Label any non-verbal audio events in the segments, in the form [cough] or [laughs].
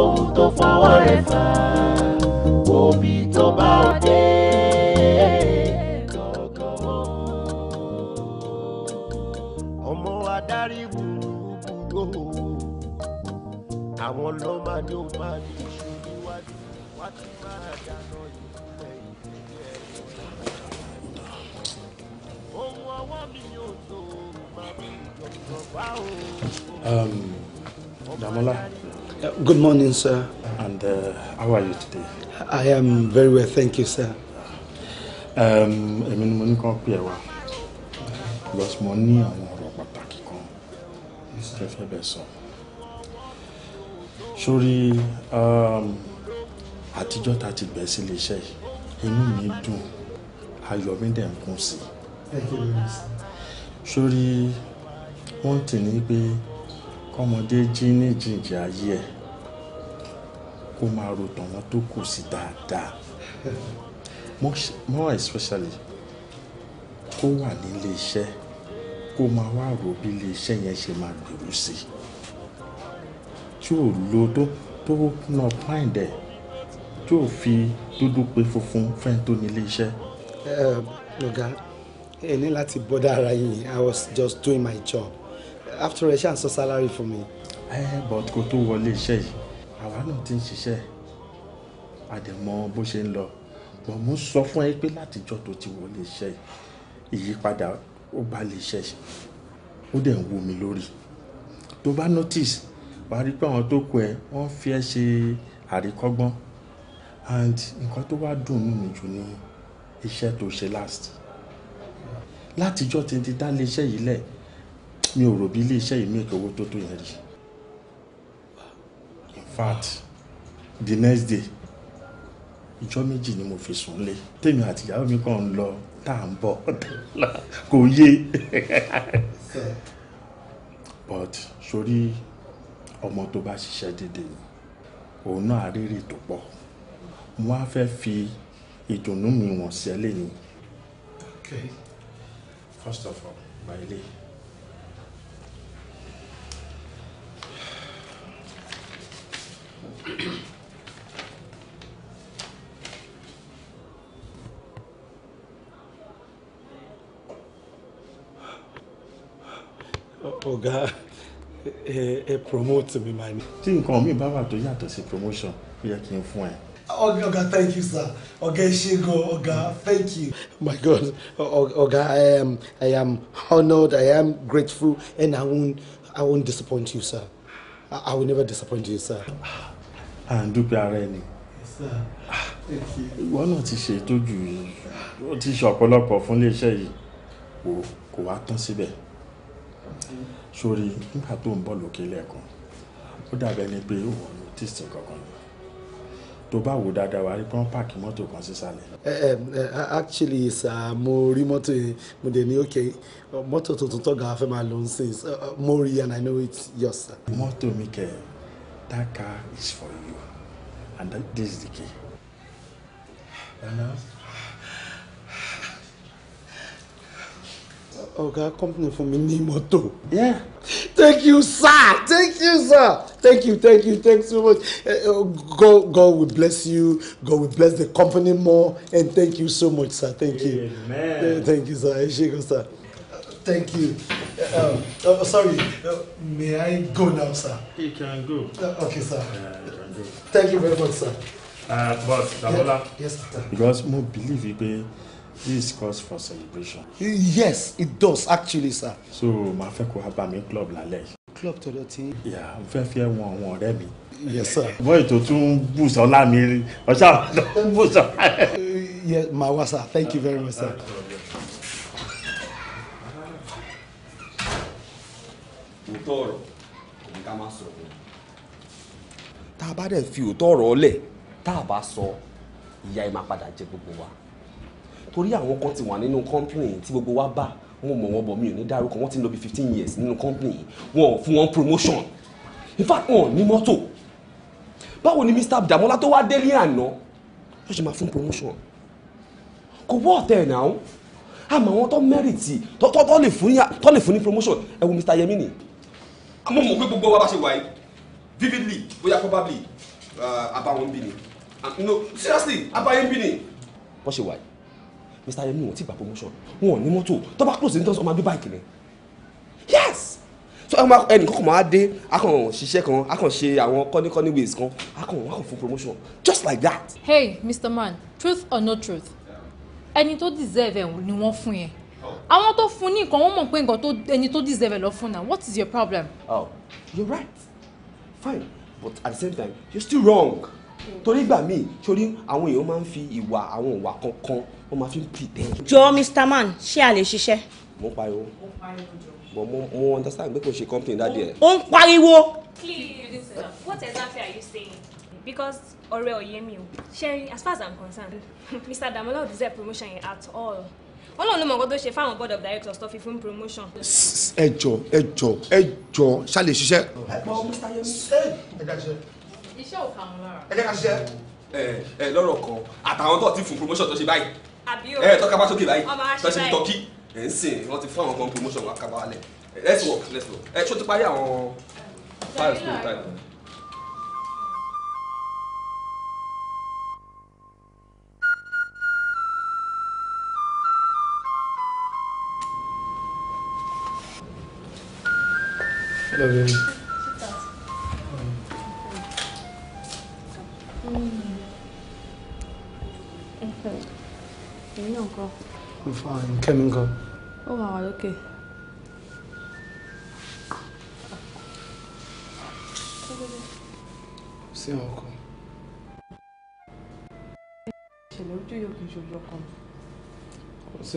ohun tó fọwọ́ rẹ̀ fà omi tó bá ọ dé. ọmọ adarí burúkú àwọn ló máa ní ó máa ní iṣu níwájú wá ti máa dáná ìfẹ́ ìfẹ́ ẹ̀ Uh, good morning, sir. And uh, how are you today? I am very well, thank you, sir. Um, èmi ni mo ní kàn pè ẹ́ wá because mo ní àwọn ọ̀rọ̀ pàtàkì kan tó fẹ́ bẹ̀ sọ. Sórí um, àtijọ́ ta ti gbẹ̀ sí iléeṣẹ́ yìí, inú mi dùn, ayọ̀ mi dẹ̀ ń kún sí i. Sórí wọ́n tì ní pé kọ́mọdé jí ní jìnjìn ayé ẹ̀ kó máa ro tàwọn tó kù sí dáadáa more especially kó wà nílé iṣẹ́ kó máa wá rò bí ilé iṣẹ́ yẹn ṣe máa gbèrú sí i tí ò lo tó tó náà pàìn tí ò fi dúdú pé funfun fẹ́ẹ́ tó nílé iṣẹ́. ọ̀gá ẹ ní láti bọ́dá ara yìí I was just doing my job after all ẹ ṣáà sọ salary for me. Eh, ẹ but kó tó wọlé iṣẹ́ yìí àwa náà ti ń ṣiṣẹ́ àdèmọ bó ṣe ń lọ wọn mú sọ fún ẹ pé látijọ́ tó ti wọlé iṣẹ́ ìyípadà ó bá lè ṣe ó dẹ̀ ń wú mi lórí tó bá notice wàá rí pé àwọn tó kù ẹ wọ́n fi ẹ́ ṣe àríkọ́gbọ́n and nǹkan tó wá dùn nínú mi jù ni iṣẹ́ tó ṣe last látijọ́ tí n ti dá lé iṣẹ́ yìí lẹ̀ mi ò rò bí ilé iṣẹ́ yìí mú ìkọwó tó tó yẹn rí fact the next day ìjọ méjì ni mo fi sùn lé tèmi àti ìyàwó mi kàn ń lọ tá à ń bọ̀ kò yé but sórí ọmọ tó bá ṣiṣẹ́ dédé ni òun náà rírì tó pọ̀ mo wá fẹ́ fi ìdùnnú mi wọ̀n sí ẹ lẹ́yìn. okay first of all my lady. ọ̀gá ẹ ẹ promote mi máa ní. tí nǹkan mi bá wà tó yàtọ̀ sí promotion ó yẹ kí n fún ẹ. ọ̀gá thank you sir ọ̀gá ẹ ṣé gan ọ̀gá thank you. my god ọ̀gá um, i am i am honoured i am grateful and i won't i won't disappoint you sir i, I will never disappoint you sir à ń dúpẹ́ ara ẹni ìwọ náà ti ṣe ìtọ́jú ó ti ṣe ọ̀pọ̀lọpọ̀ fún iléeṣẹ́ yìí kò wá tán síbẹ̀ sórí nígbà tó ń bọ̀ lókè lẹ́ẹ̀kan ó dàbẹ̀ ni pé ó ní tíìsì kankan ni tó bá wò dáadáa wà rí pé wọ́n mọ́tò kan sísàlẹ̀. actually sir mo rí mọ́tò yẹn mo dẹ̀ ní ok mọ́tò tuntun tọ́gà fẹ́ máa lò ń sìn mo rí and I know it's yours sir. mọ́tò mi kẹ́ ẹ̀ That car is for you. And that, this is the key. Nana? Ọ̀gá company for me, ní mọ́tò. Yeah. Thank you, sir. Thank you, sir. Thank you, thank you, thanks so much. Uh, God, God will bless you. God will bless the company more. And thank you so much, sir. Thank you. Amen. Eh, thank you, sir. Ẹ ṣé sir. Thank you. Uh, um, oh, sorry, uh, may I go now, sir? You can go. Uh, okay, sir. Yeah, uh, you can go. Thank you very much, sir. Uh, but Damola. Yeah. Yes, sir. Because mo believe pé this calls for celebration. Yes, it does actually, sir. So, màá fẹ́ kó have bá mi club lálẹ́ yìí club tọ̀dọ̀ tí. ìyá n fẹ́ fi ẹ̀wọ̀n one, one mi. yes sir. bọ́ọ̀ ètò tún bù sọ́lá mi ọ̀sán boost. sọ́lá. Uh, yes màá wá sir thank you very much sir. Uh, òótọ́ ọ̀rọ̀ òun ká má sọ fún un. tá a bá dẹ̀ fi òótọ́ ọ̀rọ̀ lẹ̀ tá a bá sọ ìyà ẹ̀ máa padà jẹ gbogbo wa torí àwọn kan ti wà nínú company tí gbogbo wa bá mo mọ̀ wọn bọ̀ mi ò ní dárúkọ wọ́n ti ń lọ bí fifteen years nínú company wọn ò fún wọn promotion in fact wọn ò ní mọ́tò báwo ni Mr. Damola tó wá délé àná ló ṣe máa fún promotion kò wọ́ ọ̀tẹ̀ náà àmọ́ àwọn tó mẹ́rìtì tó lè fún ní promotion ẹ wo Mr. Yemini àmọ́ mo pé gbogbo wa bá ṣe wà yìí vividly bóyá probably uh, àbáwọn bí ni no seriously àbáyé bí ni. wọ́n ṣe wà mr yemi wọn ti gba promotion wọn ò ní mọ́tò tó bá close ní tọ́sán ọmọ agbébá ìkìlẹ̀ yes so ẹnì kọ́kọ́ máa dé akàn ṣiṣẹ́ kan akàn ṣe àwọn kọ́níkọ́ní ways kan akàn wọn akàn fún promotion just like that. hey mr man truth or no truth ẹni tó deserve ẹ̀ ni wọ́n fún yẹn àwọn tó fún ní nǹkan wọn mọ̀ pé nǹkan tó ẹni tó deserve lọ fún náà what is your problem. oh you're right fine but at the same time you're still wrong torí gbà míì torí àwọn èèyàn máa ń fi ìwà àwọn ìwà kankan wọn máa fi ń pretend. jọ mr man ṣé a lè ṣiṣẹ́. mo ń pariwo mo mo mo understand pé kò ṣe company dáadé ẹ. ó ń pariwo. what exactly are you saying because ọ̀rẹ́ ò yé mi o ṣe as far as i'm concerned [laughs] mr damola deserve promotion at all ọlọ́run ló mọ nǹkan tó ṣe fáwọn board of directors tó fi fún promotion. ẹ jọ ẹ jọ ẹ jọ ṣáà lè ṣiṣẹ́. iṣẹ́ ò kà wọ́n lára. ẹ jẹ́ ká ṣiṣẹ́. ẹ ẹ lọ́rọ̀ kan àtàwọn tó ti fún promotion tó ṣe báyìí. àbí o ẹ tọ́ka bá sókè báyìí tó ṣe tọ́kí ẹ̀ ń sìn wọ́n ti fún àwọn kan promotion wọn kábàálẹ̀ let's work let's work ẹ ṣó ti parí àwọn five school time. Hello, baby. I'm fine. Kẹ́mi ń kọ́. Ó wà wà lókè. Sí àwọn ọkọ. Ìṣẹ̀lẹ̀ ojú yóò kì í ṣojú ọkọ mi. Kò sí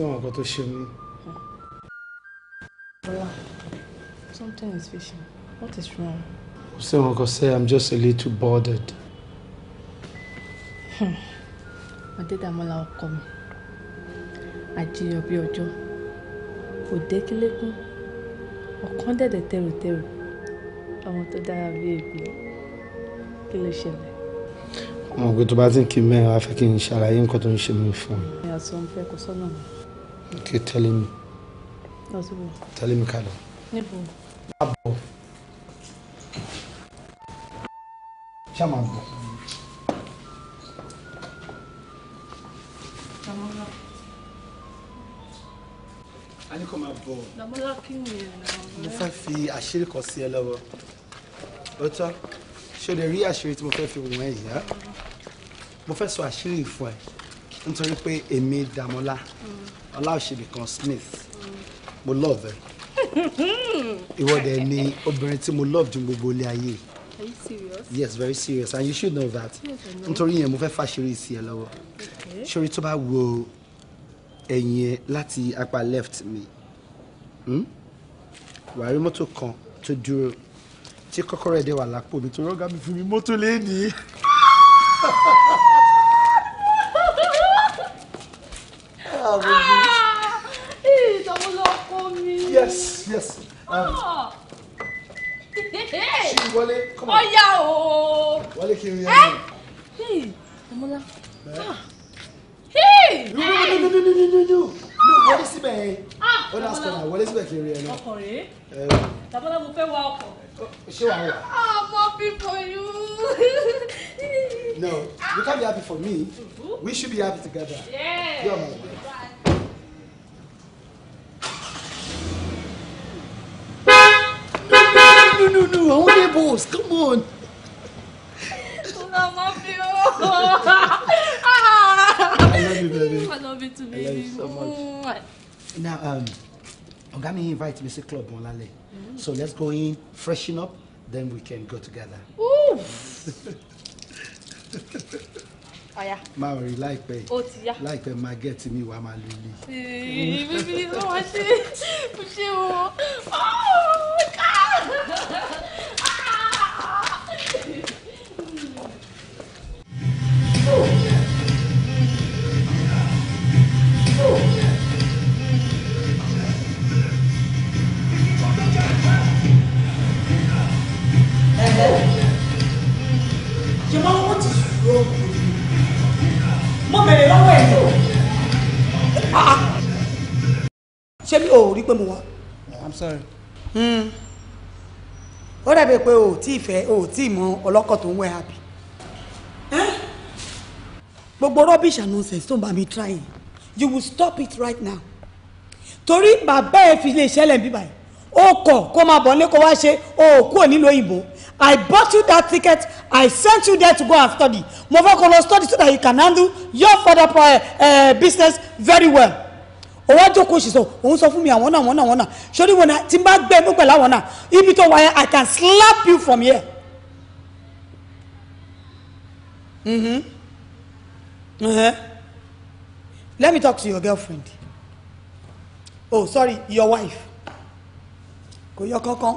Something is fishing. What is wrong? Still, Uncle say I'm just a little bothered. Hmm. Adédàmọ́lá ọkọ mi. Àjiyàn bí ọjọ́. Òdékílékún. Ọ̀kan dẹ̀dẹ̀ tẹrùtẹrù. Ọmọ tó dára bí ègbé. Kí ló ṣẹlẹ̀? Ọmọ ògbé tó bá ti ń kí mẹ́rin wá fẹ́ kí n ṣàlàyé nǹkan tó ń ṣe mí fún mi. Ìyàtọ̀ ń fẹ́ kó sọ́nà mi. Okay, tell me. Tell me, Carlo níbo. máa bọ̀ mo fẹ́ fi àṣírí kan sí ẹ lọ́wọ́ ó tọ́ ṣé o lè rí àṣírí tí mo fẹ́ fi wọ̀n ẹ̀ yá mo fẹ́ sọ àṣírí fún ẹ nítorí pé èmi Damola mm. Ọláòṣèbìkan Smith mo love ẹ. [laughs] ìwọ ni obìnrin tí mo love ju gbogbo ilé ayé. Are you serious? Yes, very serious and you should know that. Nítorí yẹn mo fẹ́ fàṣírí sí ẹ lọ́wọ́. Ṣorí tó bá wo ẹ̀yìn ẹ láti apá left mi. Hmm? Wàá rí mọ́tò kan tó dúró tí kọ́kọ́rọ́ ẹ̀ dẹ̀ wà lápò mi torí ọ̀gá mi fún mi mọ́tò lẹ́nìí. Oh, [laughs] ah, ṣí wọlé kọ́mọ. ọ̀yà o. wọlé kí n yẹn ní. ọmọlá. wọlé síbẹ̀ yẹn ah, ó ní àsìkò náà wọlé síbẹ̀ kí n rí ẹ náà. ọkọ rèé tàbọ́lá mo fẹ́ wa ọkọ̀. ṣé wàá wà. Ah, I'm happy for you. no you can't be happy for me we should be happy together. Yeah. your own neighbors. Come on. I love you. I love you, baby. I love you too, baby. I love you so much. Now, um, I'm gonna invite Mr. club on Lale. Mm. Mm-hmm. So let's go in, freshen up, then we can go together. Ooh. Oh, yeah. máa rí láìpẹ́ láìpẹ́ máa gẹ́ tí mi wà máa lu ilé. bíbí ló wá ṣe ṣé o. Ah, ṣé i'm sorry. Mm ó dàbí pé o ò tí ì fẹ́ o ò tí ì mọ ọlọ́kọ̀ tó ń wẹ̀ àbí. gbogbo rubbish and nonsense tó ń bá mi try yìí you will stop it right now. torí bàbá ẹ fi lè ṣẹlẹ̀ bí báyìí ó kọ̀ kó máa bọ̀ nílé kó wá ṣe òkú ò nílò òyìnbó I bought you that ticket I sent you there to go and study mo fẹ́ kó lọ study so that you can handle your further uh, eh, eh, business very well ó wá jókòó òṣìṣọ òun sọ fún mi àwọn náà àwọn náà àwọn náà sórí wọn náà tí n bá gbẹ mú pẹ̀lú àwọn náà ibi tó wáyé i can slap you from here. Mm-hmm. uh-huh. let me talk to your girlfriend oh sorry your wife kò yọ kankan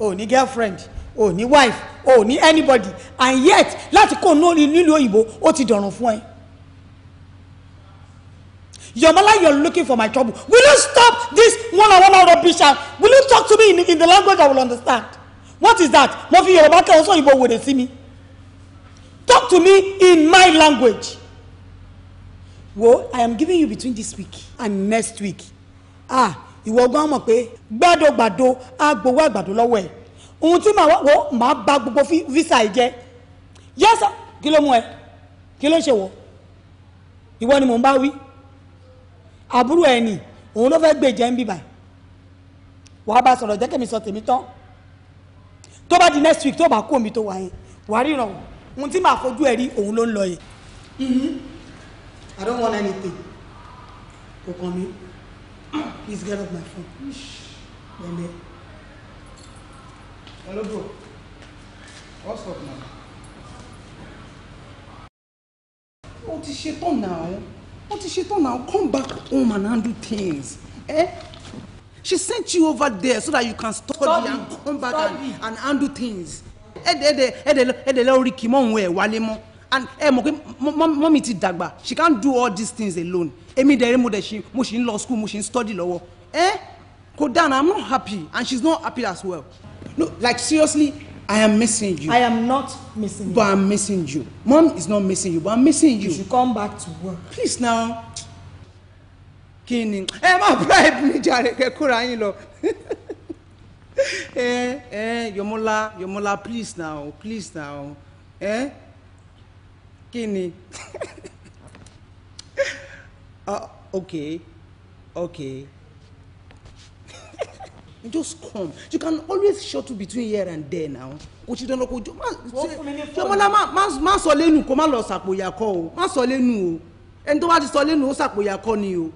Oh, ní girlfriend Oh, ní wife Oh, ní anybody and yet láti kó nílùú òyìnbó ó ti dọ̀rùn fún ẹ. Yomala, you're looking for my trouble. Will you stop this one on one hour rubbish? will you talk to me in, in the language I will understand? What is that? Mo fi Yorùbá kẹ́ ọ̀sán when they see me. Talk to me in my language. Well, I am giving you between this week and next week. Ah, ìwọ gan mọ̀ pé gbàdógbàdó agbowó àgbàdo lọ́wọ́ ẹ̀. Ohun tí màá wọ màá bà gbogbo visa ẹ̀ jẹ́. Yes, kí ló mú ẹ? Kí ló ń ṣe wọ? Ìwọ ni mò ń bá wí àbúrò ẹni òun ló fẹ́ gbèjẹ́ ń bíbà wàá bá sọ̀rọ̀ jẹ́ kẹ́mi sọ tèmi tán tó bá di next week tó bá kó omi tó wà yẹn wàá ríran o ohun tí màá fojú ẹ rí òun ló ń lọ yẹn. Mm-hmm. I don't want anything kò kàn mí please get off my phone bẹ́ẹ̀ hello bro what's up now. o ti ṣe tán náà. What is she done now? Come back home and handle things. Eh? She sent you over there so that you can study, study. and come back and, and handle things. Ẹ̀dẹ̀ lọ rí kì mọ́ òun ẹ̀ wálé mọ́. And ẹ mọ̀ pé mọ́mí ti dàgbà. She can't do all these things alone. Èmi dẹ̀rẹ̀ mo dẹ̀ ṣe mo ṣì ń lọ school mo ṣì ń study lọ́wọ́. Eh? kò dáná I'm not happy and she's not happy as well. No like seriously I am missing you. I am not missing you. But I'm missing you. Mom is not missing you, but I'm missing you. You should come back to work. Please now. Kí Eh, my má bribe mi jàre kẹ́kọ̀ọ́ra yín lọ. [laughs] Ẹ Ẹ Yomola Yomola please now please now. Eh. kí ni? uh, okay okay just come you can always shuttle between here and there now kò sí dandan kò jọ má ṣe ṣọmọlá má sọ lẹ́nu kó má lọ sàpòyàkọ o má sọ lẹ́nu o ẹni tó bá ti sọ lẹ́nu ó sàpòyàkọ ni o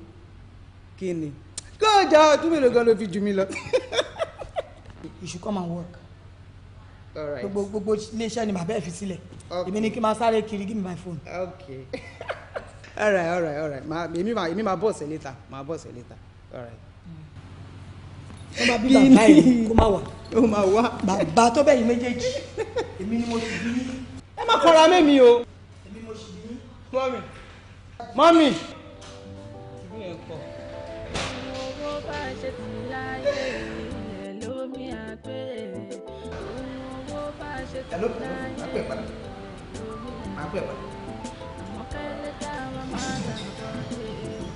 kí ni kó jà ah, ọdún mélòó gan ló fi jù mí lọ. you should come and work gbogbo gbogbo iléeṣẹ́ ni bàbá ẹ̀ fi sílẹ̀ èmi ni kí n máa sáré kiri give me my phone. okay [laughs] all right all right all right èmi máa bọ̀ sí later máa bọ̀ sí later all right kó má bí bàbá ẹ̀ kó má wà. ó má wà. bàbá tó bẹ́ẹ̀ yìí méjèèjì [laughs] èmi ni mo ti bí ẹ má kọ́ra mẹ́mi o. èmi mo ti bí mọ́mì mọ́mì. owó bá ṣe ti láyé ilẹ̀ lómi àgbẹ̀. owó bá ṣe ti láyé ilẹ̀ lómi àgbẹ̀. àmọ́ kẹ́lẹ́ tá máa ń bá a ṣe kẹ́lẹ́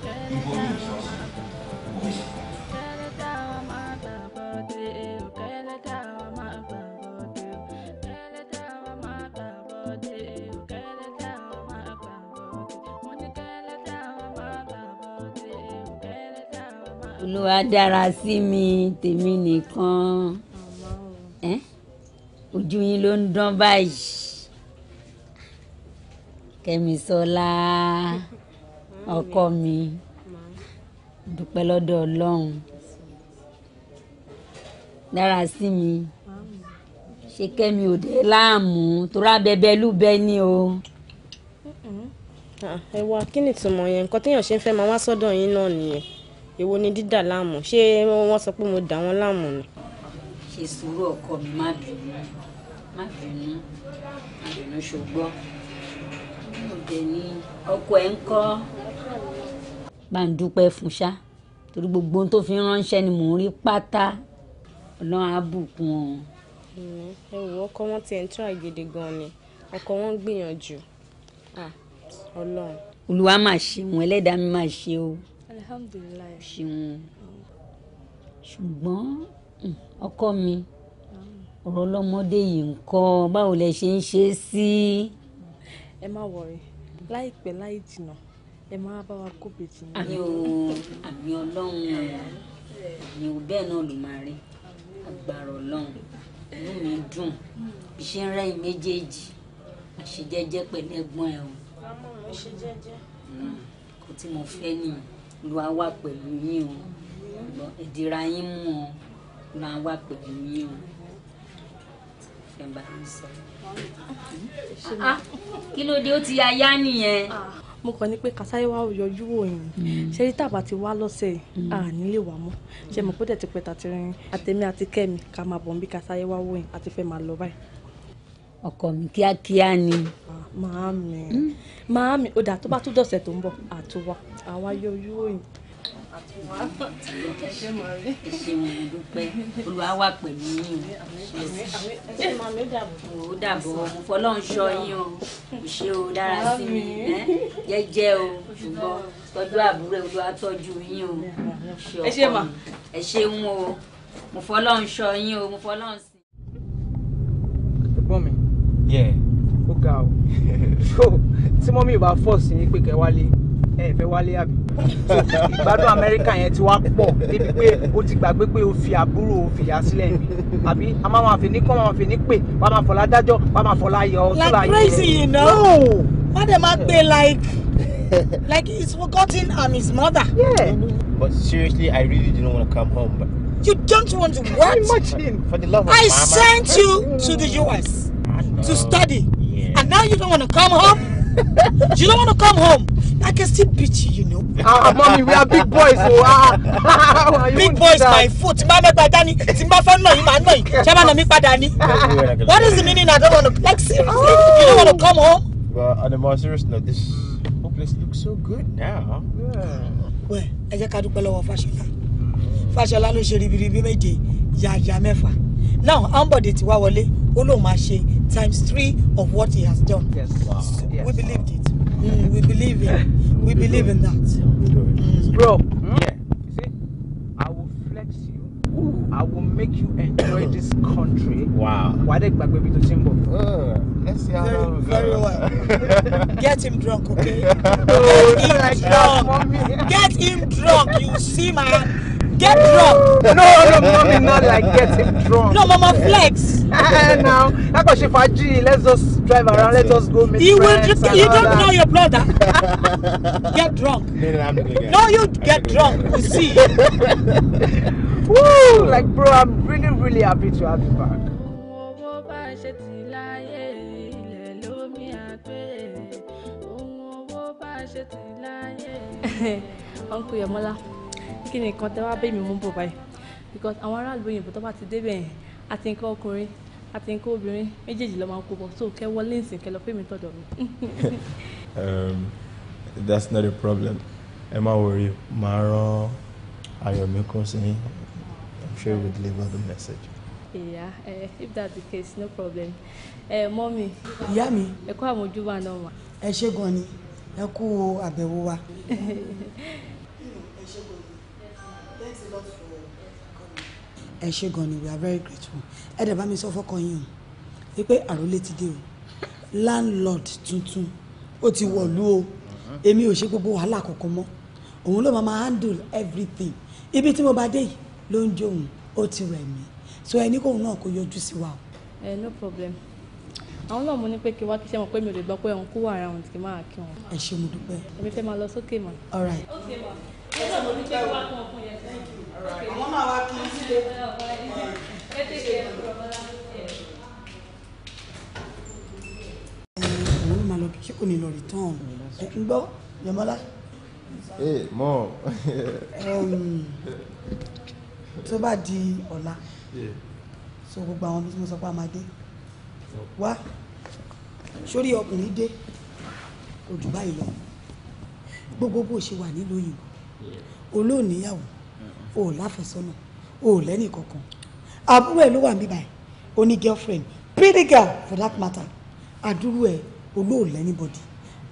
tá máa ń bá a ṣe. olúwa dára sí mi tèmi nìkan ojú yín ló ń dán báyìí kẹ́misọ́lá ọkọ mi dúpẹ́ lọ́dọ̀ ọlọ́run dára sí mi ṣe kẹ́mi ò dé láàmú torá bẹbẹ lúbẹ ni o. Ah, ẹ wá kí ni ìtumọ̀ yẹn nǹkan téèyàn ṣe ń fẹ́ máa wá sọ́dọ̀ yín náà nìyẹn èwo ni dídà láàmú ṣé wọ́n sọ pé mo dà wọ́n láàmú ni. ṣe sùúrù ọkọ mi má bínú má bínú má bínú ṣùgbọ́n mo dé ní ọkọ ẹ̀ ń kọ́. bá ń dúpẹ́ fún ṣá torí gbogbo ohun tó fi ránṣẹ́ ni mò ń rí pátá ọlọ́run á bùkún o. ẹ wò ọkọ wọn ti ń tún àgèdè gan ni ọkọ wọn gbìyànjú ah, ọlọ́run. olúwa máa ṣe wọn ẹlẹ́dàá mi máa ṣe o alihamudulilayi. ṣeun ṣùgbọ́n hmm, ọkọ mi ah. ọ̀rọ̀ ọlọ́mọdé yìí ńkọ́ báwo lẹ ṣe ń ṣe é sí. ẹ má wọrí láìpẹ́ láì jìnnà ẹ máa bá wa kópe tì ní. àmì àmì ọlọ́run ni ò bẹ́ẹ̀ náà ló máa rí agbára ọlọ́run inú mi dùn bí ń rẹ́yìn méjèèjì àṣejẹ́jẹ́ pẹ̀lú ẹ̀gbọ́n ẹ̀ o. àmọ́ mi hmm, kò tí mo fẹ́ nìyẹn olúwa wà pẹ̀lú yín o ìdíra yín mú o olúwa wà pẹ̀lú yín o fẹ́ bá mi sọ. Ah, ah, kí ló dé ó ti aya nìyẹn. mo kàn ní pé kàsáyé wa ò yọjú wò yín hmm. ṣé ní tàbá ti wá lọ́sẹ̀ à hmm. nílé wa mọ́ ṣe mọ̀ kó dẹ̀ ti pẹ́ tàti rìn àti kẹ́mi ká máa bọ̀ bí kàsáyé wa àti fẹ́ máa lọ báyìí ọkọ mi kíákíá ni. Ah, màámi màámi ó dà tó bá tún dọ̀sẹ̀ tó ń bọ̀ àtúwà àwa yóò yóò yìn àtúwà ẹ ṣe mọ̀ rí. ẹ ṣe mo dúpẹ́ Olúwa wà pẹ̀lú yín o. ẹ ṣe màmí ó dàbọ̀. ó dàbọ̀ mo fọlọ́run ṣọ́ yín yín o. mo fọlọ́run ṣọ́ ó ga o [laughs] so tí mọ́mí ò bá force yín pé kẹ́ wálé ẹ fẹ́ wálé àbí ìgbádùn amẹ́ríkà yẹn ti wá pọ̀ débi pé ó ti gbàgbé pé ó fi àbúrò fìyà sílẹ̀ ni àbí a máa máa fi ní kọ́ máa fi ní pè wàá máa fọlá dájọ́ wàá máa fọlá yọ ọ́ sílá yẹn. like crazy you know wọ́n dẹ̀ máa pè like like he's forgotten and his mother. Yeah. but seriously I really do not want to come home. But... you don't want to what? imagine. for the love of I mama. I sent you to the US to study. Yeah. And now you don't want to come home? [laughs] you don't want to come home? I can still beat you, you know. Ah, ah mommy, we are big boys. So, oh, ah, [laughs] big boys My foot. Tí n bá mẹ́gbàá dání, tí n bá fẹ́ náà yìí What is the meaning I don't want to, like seriously, oh. you don't want to come home? Well, on a more serious note, this whole place looks so good now. Yeah. Well, ẹ jẹ́ ká dúpẹ́ lọ́wọ́ Fáṣọlá. Fáṣọlá ló ṣe ribiribi méje, yàyà mẹ́fà now ambode ti wá wọlé ó máa ṣe times three of what he has done yes. Wow. yes. we believed it mm, we believe in we believe in that mm. bro mm. yeah you see i will flex you Ooh. i will make you enjoy this country wow wade gbagbe bi to simbo. let's see how very, long we go. very well [laughs] get him drunk okay [laughs] get him drunk get him drunk you see my get drunk. no no mommy not like getting drunk. no mama flex. now that was akọ̀ṣe G. let's just drive around let's just go meet you friends will, and you all that. don't know your brother. [laughs] get drunk. no you get drunk you see. Woo! like bro I'm really really happy to have you back. [laughs] Uncle Yamola kí ni tẹ́ wá bẹ́ẹ̀ mi mú bọ̀ báyìí because àwọn aráàlú òyìnbó tó bá ti débẹ̀ yẹn àti nǹkan ọkùnrin àti nǹkan obìnrin méjèèjì ló máa ń kó bọ̀ so kẹ́ wọlé ìsìn kẹ́ lọ pé mi tọ̀dọ̀ mi. [laughs] Um, that's not a problem ẹ má worry máa rán ayọ̀ mi kún sí i'm sure you will deliver the message. Yeah, uh, if that's the case, no problem. Uh, eh, mommy. Ìyá mi. Ẹ kú àmójúbà náà mà. Ẹ ṣé gan ni, ẹ kú àbẹ̀wò wa. [laughs] thanks ẹ ṣé gan ni we are very grateful ẹ dẹ̀ bá mi sọ fọ́kọ yín o wípé àròlé ti dé o landlord tuntun ó ti wọ̀lú o èmi ò ṣe gbogbo wàhálà kankan mọ́ òun ló máa handle everything ibi tí mo bá dé yìí ló ń jó òun ó ti rẹ̀ mí so ẹni kóun náà kó yọjú sí wa ẹ no problem àwọn náà mo ní pé kí wá kí ṣe mọ̀ pé mi ò lè gbọ́ pé òun kú wà around kí máa kí wọn. ẹ ṣé mo dúpẹ́. èmi fẹ́ máa lọ sókè mà. all right. okay àwọn máa wá kí n sílé. àwọn ló máa lọ ṣé kò ní lọ return ẹ ń gbọ́ Yọmọlá. ẹ mọ. Um, tó bá di ọ̀la so gbogbo àwọn tí mo sọ pé a máa dé wá sórí ọkùnrin dé kò jù báyìí lọ gbogbo bó ṣe wà nílùú òyìnbó olóòníyàwó o ò láfẹ́sọ́nà o ò lẹ́nì kankan àbúrò ẹ̀ ló wà níbí báyìí o ní girlfriend pretty girl for that matter àdúrú ẹ̀ olóòlẹ́ anybody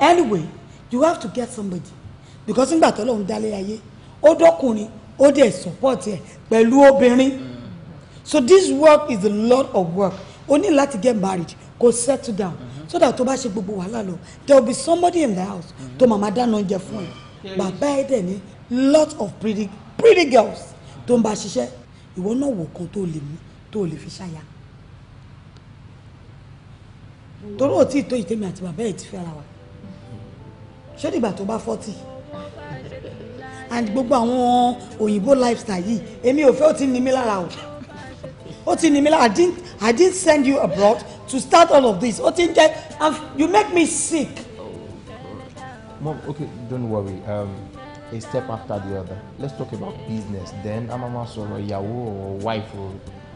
anyway you have to get somebody because nígbà tó lóun dálé ayé ó dọ́kùnrin ó dẹ̀ support ẹ̀ pẹ̀lú obìnrin mm-hmm. so this work is a lot of work o ní láti get married go settle down mm -hmm. so that to bá ṣe gbogbo wàhálà lọ there will be somebody in the house mm-hmm. to mama dáná oúnjẹ fún ẹ mm-hmm. bàbá ẹ dẹ̀ ní lot of pretty pretty girls tó ń bá ṣiṣẹ́ ìwọ náà wò kan tó lè mú tó lè fi ṣáya torí ò tí ì tó ìtẹ́mi àti bàbá ẹ̀ ti fẹ́ ara wa ṣé dìgbà tó bá fọ́tì and gbogbo àwọn òyìnbó lifestyle yìí èmi ò fẹ́ ó ti ní mi lára o ó ti ní mi lára I didn't I didn't send you abroad to start all of this ó ti ń jẹ́ you make me sick. mom okay don't worry. Um a step after the other. Let's talk about business. Then a máa sọ̀rọ̀ ìyàwó or wife or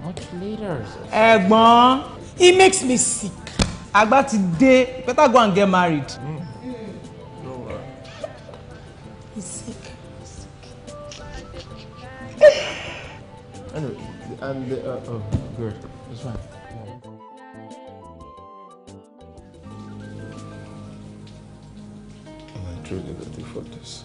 much later. Ẹ̀gbọ́n, it makes me sick. Àgbà ti dé, better go and get married. Mm. No He's sick. anyway, and uh, oh, good. It's fine. I'm truly ready for this.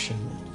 action.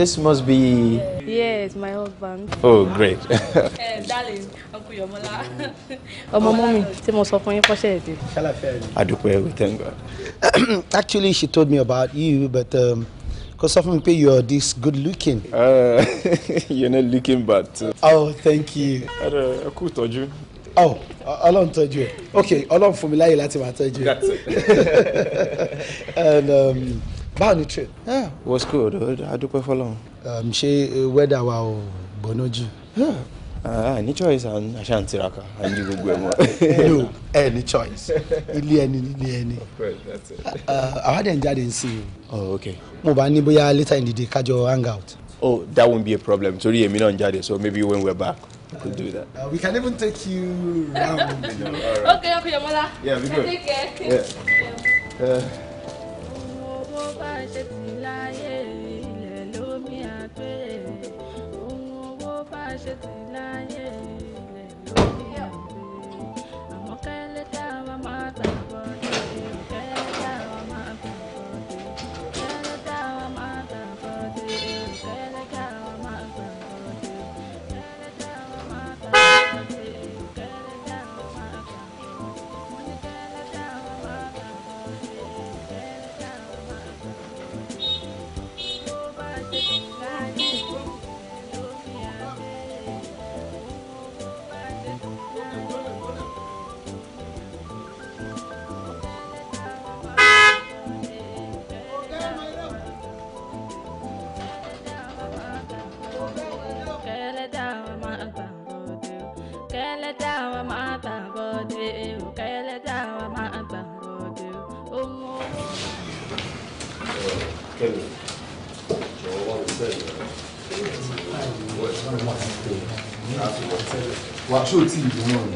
This must be. Yes, my husband. Oh, great. [laughs] Eh, darling, Uncle Yomola. [laughs] Ọmọ mọ́mì tí mo sọ fún yín kọ́ṣẹ́ èdè. Adúpẹ́, we thank God. [clears throat] Actually, she told me about you, but. Um, Because often pay you're this good looking. Uh, [laughs] you're not looking bad. Uh, oh, thank you. Ẹ told you? Oh, Ọlọ́run told you? Okay, Ọlọ́run from mi láyè láti máa tọ́jú ẹ. That's it. And um, báwo ni trip. yeah was good adúpẹ́ fọlọ́run. Um, ṣé eh, wẹ́dà wa ò gbóná jù. Ah, ah ní choice àṣà ń tiraka àǹdí gbogbo ẹ̀ mọ́. [laughs] no ẹ ní choice ilé ẹni ilé ẹni ah, ah, àwa dẹ̀ ń jáde ń sìn o. Oh, ok. mo bá ní bóyá later in the day kájọ hang out. oh that won't be a problem torí èmi náà ń jáde so maybe when we're back we could do that. Uh, we can even take you round. you know, all right. [laughs] okay okay yomola. yeah be good. take care. Yeah. Yeah. Uh, bó bá ṣe ti láyé ilẹ̀ lómi àgbé ohun owó bá ṣe ti láyé ilẹ̀ lómi àgbé àmọ́ kẹ́lẹ́ tá a wá máa gbà. 뭐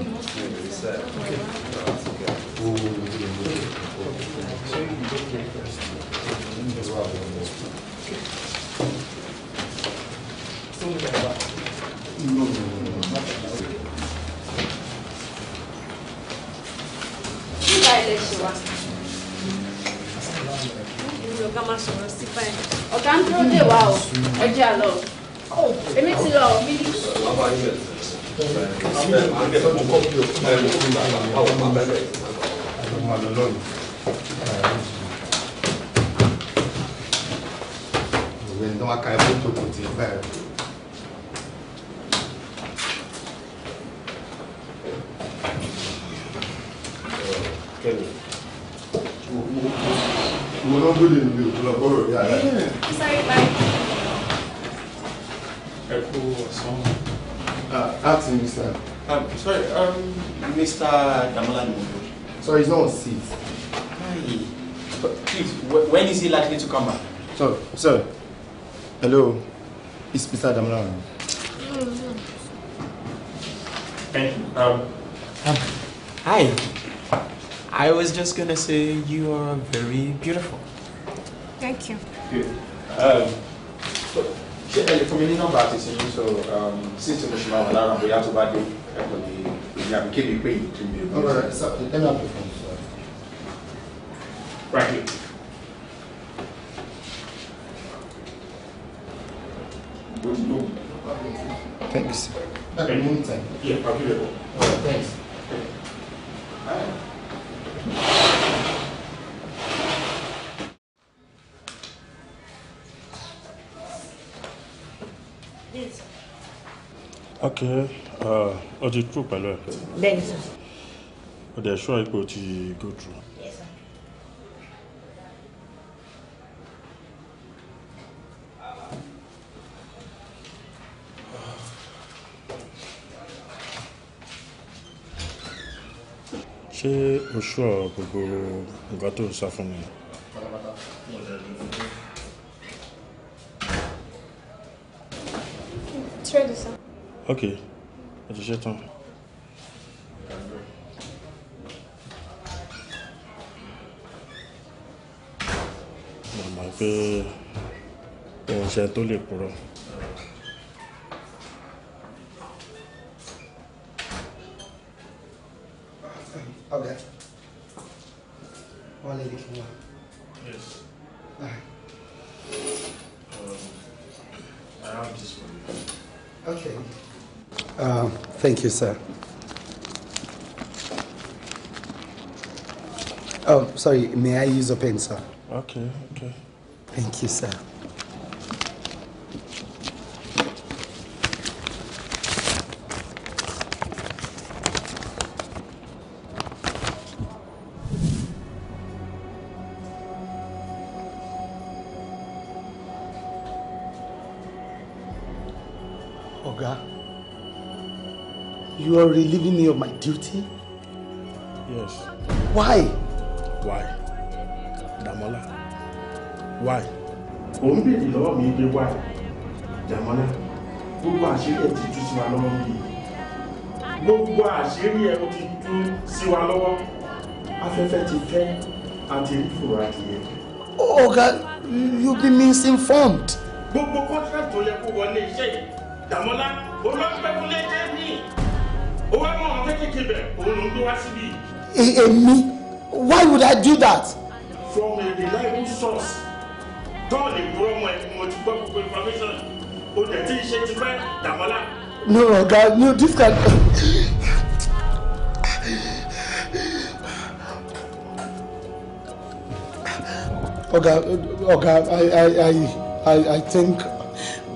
gonna say you are very beautiful. Thank you. Good. Um, ṣé ẹ lè fún mi ní nọ́mbà àti ìsinmi so um, since mo ṣe the, wà lára bóyá tó bá dé ẹ kò lè èmi àbí kébì pé èyí the, mi ò Right here. Thanks. Thanks. Yeah, I'll thanks. ok ọ ti true pẹ̀lú ẹ̀. bẹ́ẹ̀ni sir. o dẹ̀ ṣọ́ ipò ti go through. yes sir. ṣé o ṣọ́ gbogbo nǹkan tó ń sá fún mi. ok ẹ ti ṣe tán. màmá pé ohun ṣe tó lè Thank you, sir. Oh, sorry, may I use a pen, sir? Okay, okay. Thank you, sir. relieving me of my duty? Yes. Why? Why? Damola. Why? Ò ń bèèrè lọ́wọ́ mi pé why? Damola, gbogbo àṣírí ẹ̀ ti tú sí wa lọ́wọ́ mi. Gbogbo àṣírí ẹ̀ ti tú sí wa lọ́wọ́. Afẹ́fẹ́ ti fẹ́ àti rí fòrò adìyẹ. Ọ̀gá, you be misinformed. Gbogbo contract tó yẹ kó wọlé iṣẹ́ yìí, Damola, ó débẹ̀ òun ló gbé wá síbí. èmi why would I do that. from a reliable source tọ́ọ̀lì gbọ́ ọmọ ẹ̀ ti gbọ́ gbogbo information o dẹ̀ tí ìṣe ti fẹ́ dàmọ́lá. no ọ̀gá no this can. ọ̀gá ọ̀gá I I I I think.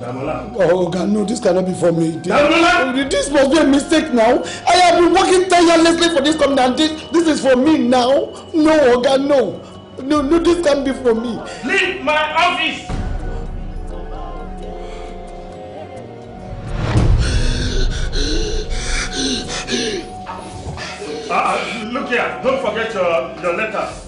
Damola. Oh, God, no, this cannot be for me. This, Damola! This must be a mistake now. I have been working tirelessly for this company and this, this is for me now. No, oh, God, no. No, no, this can't be for me. Leave my office! Uh, uh look here, don't forget your, your letters.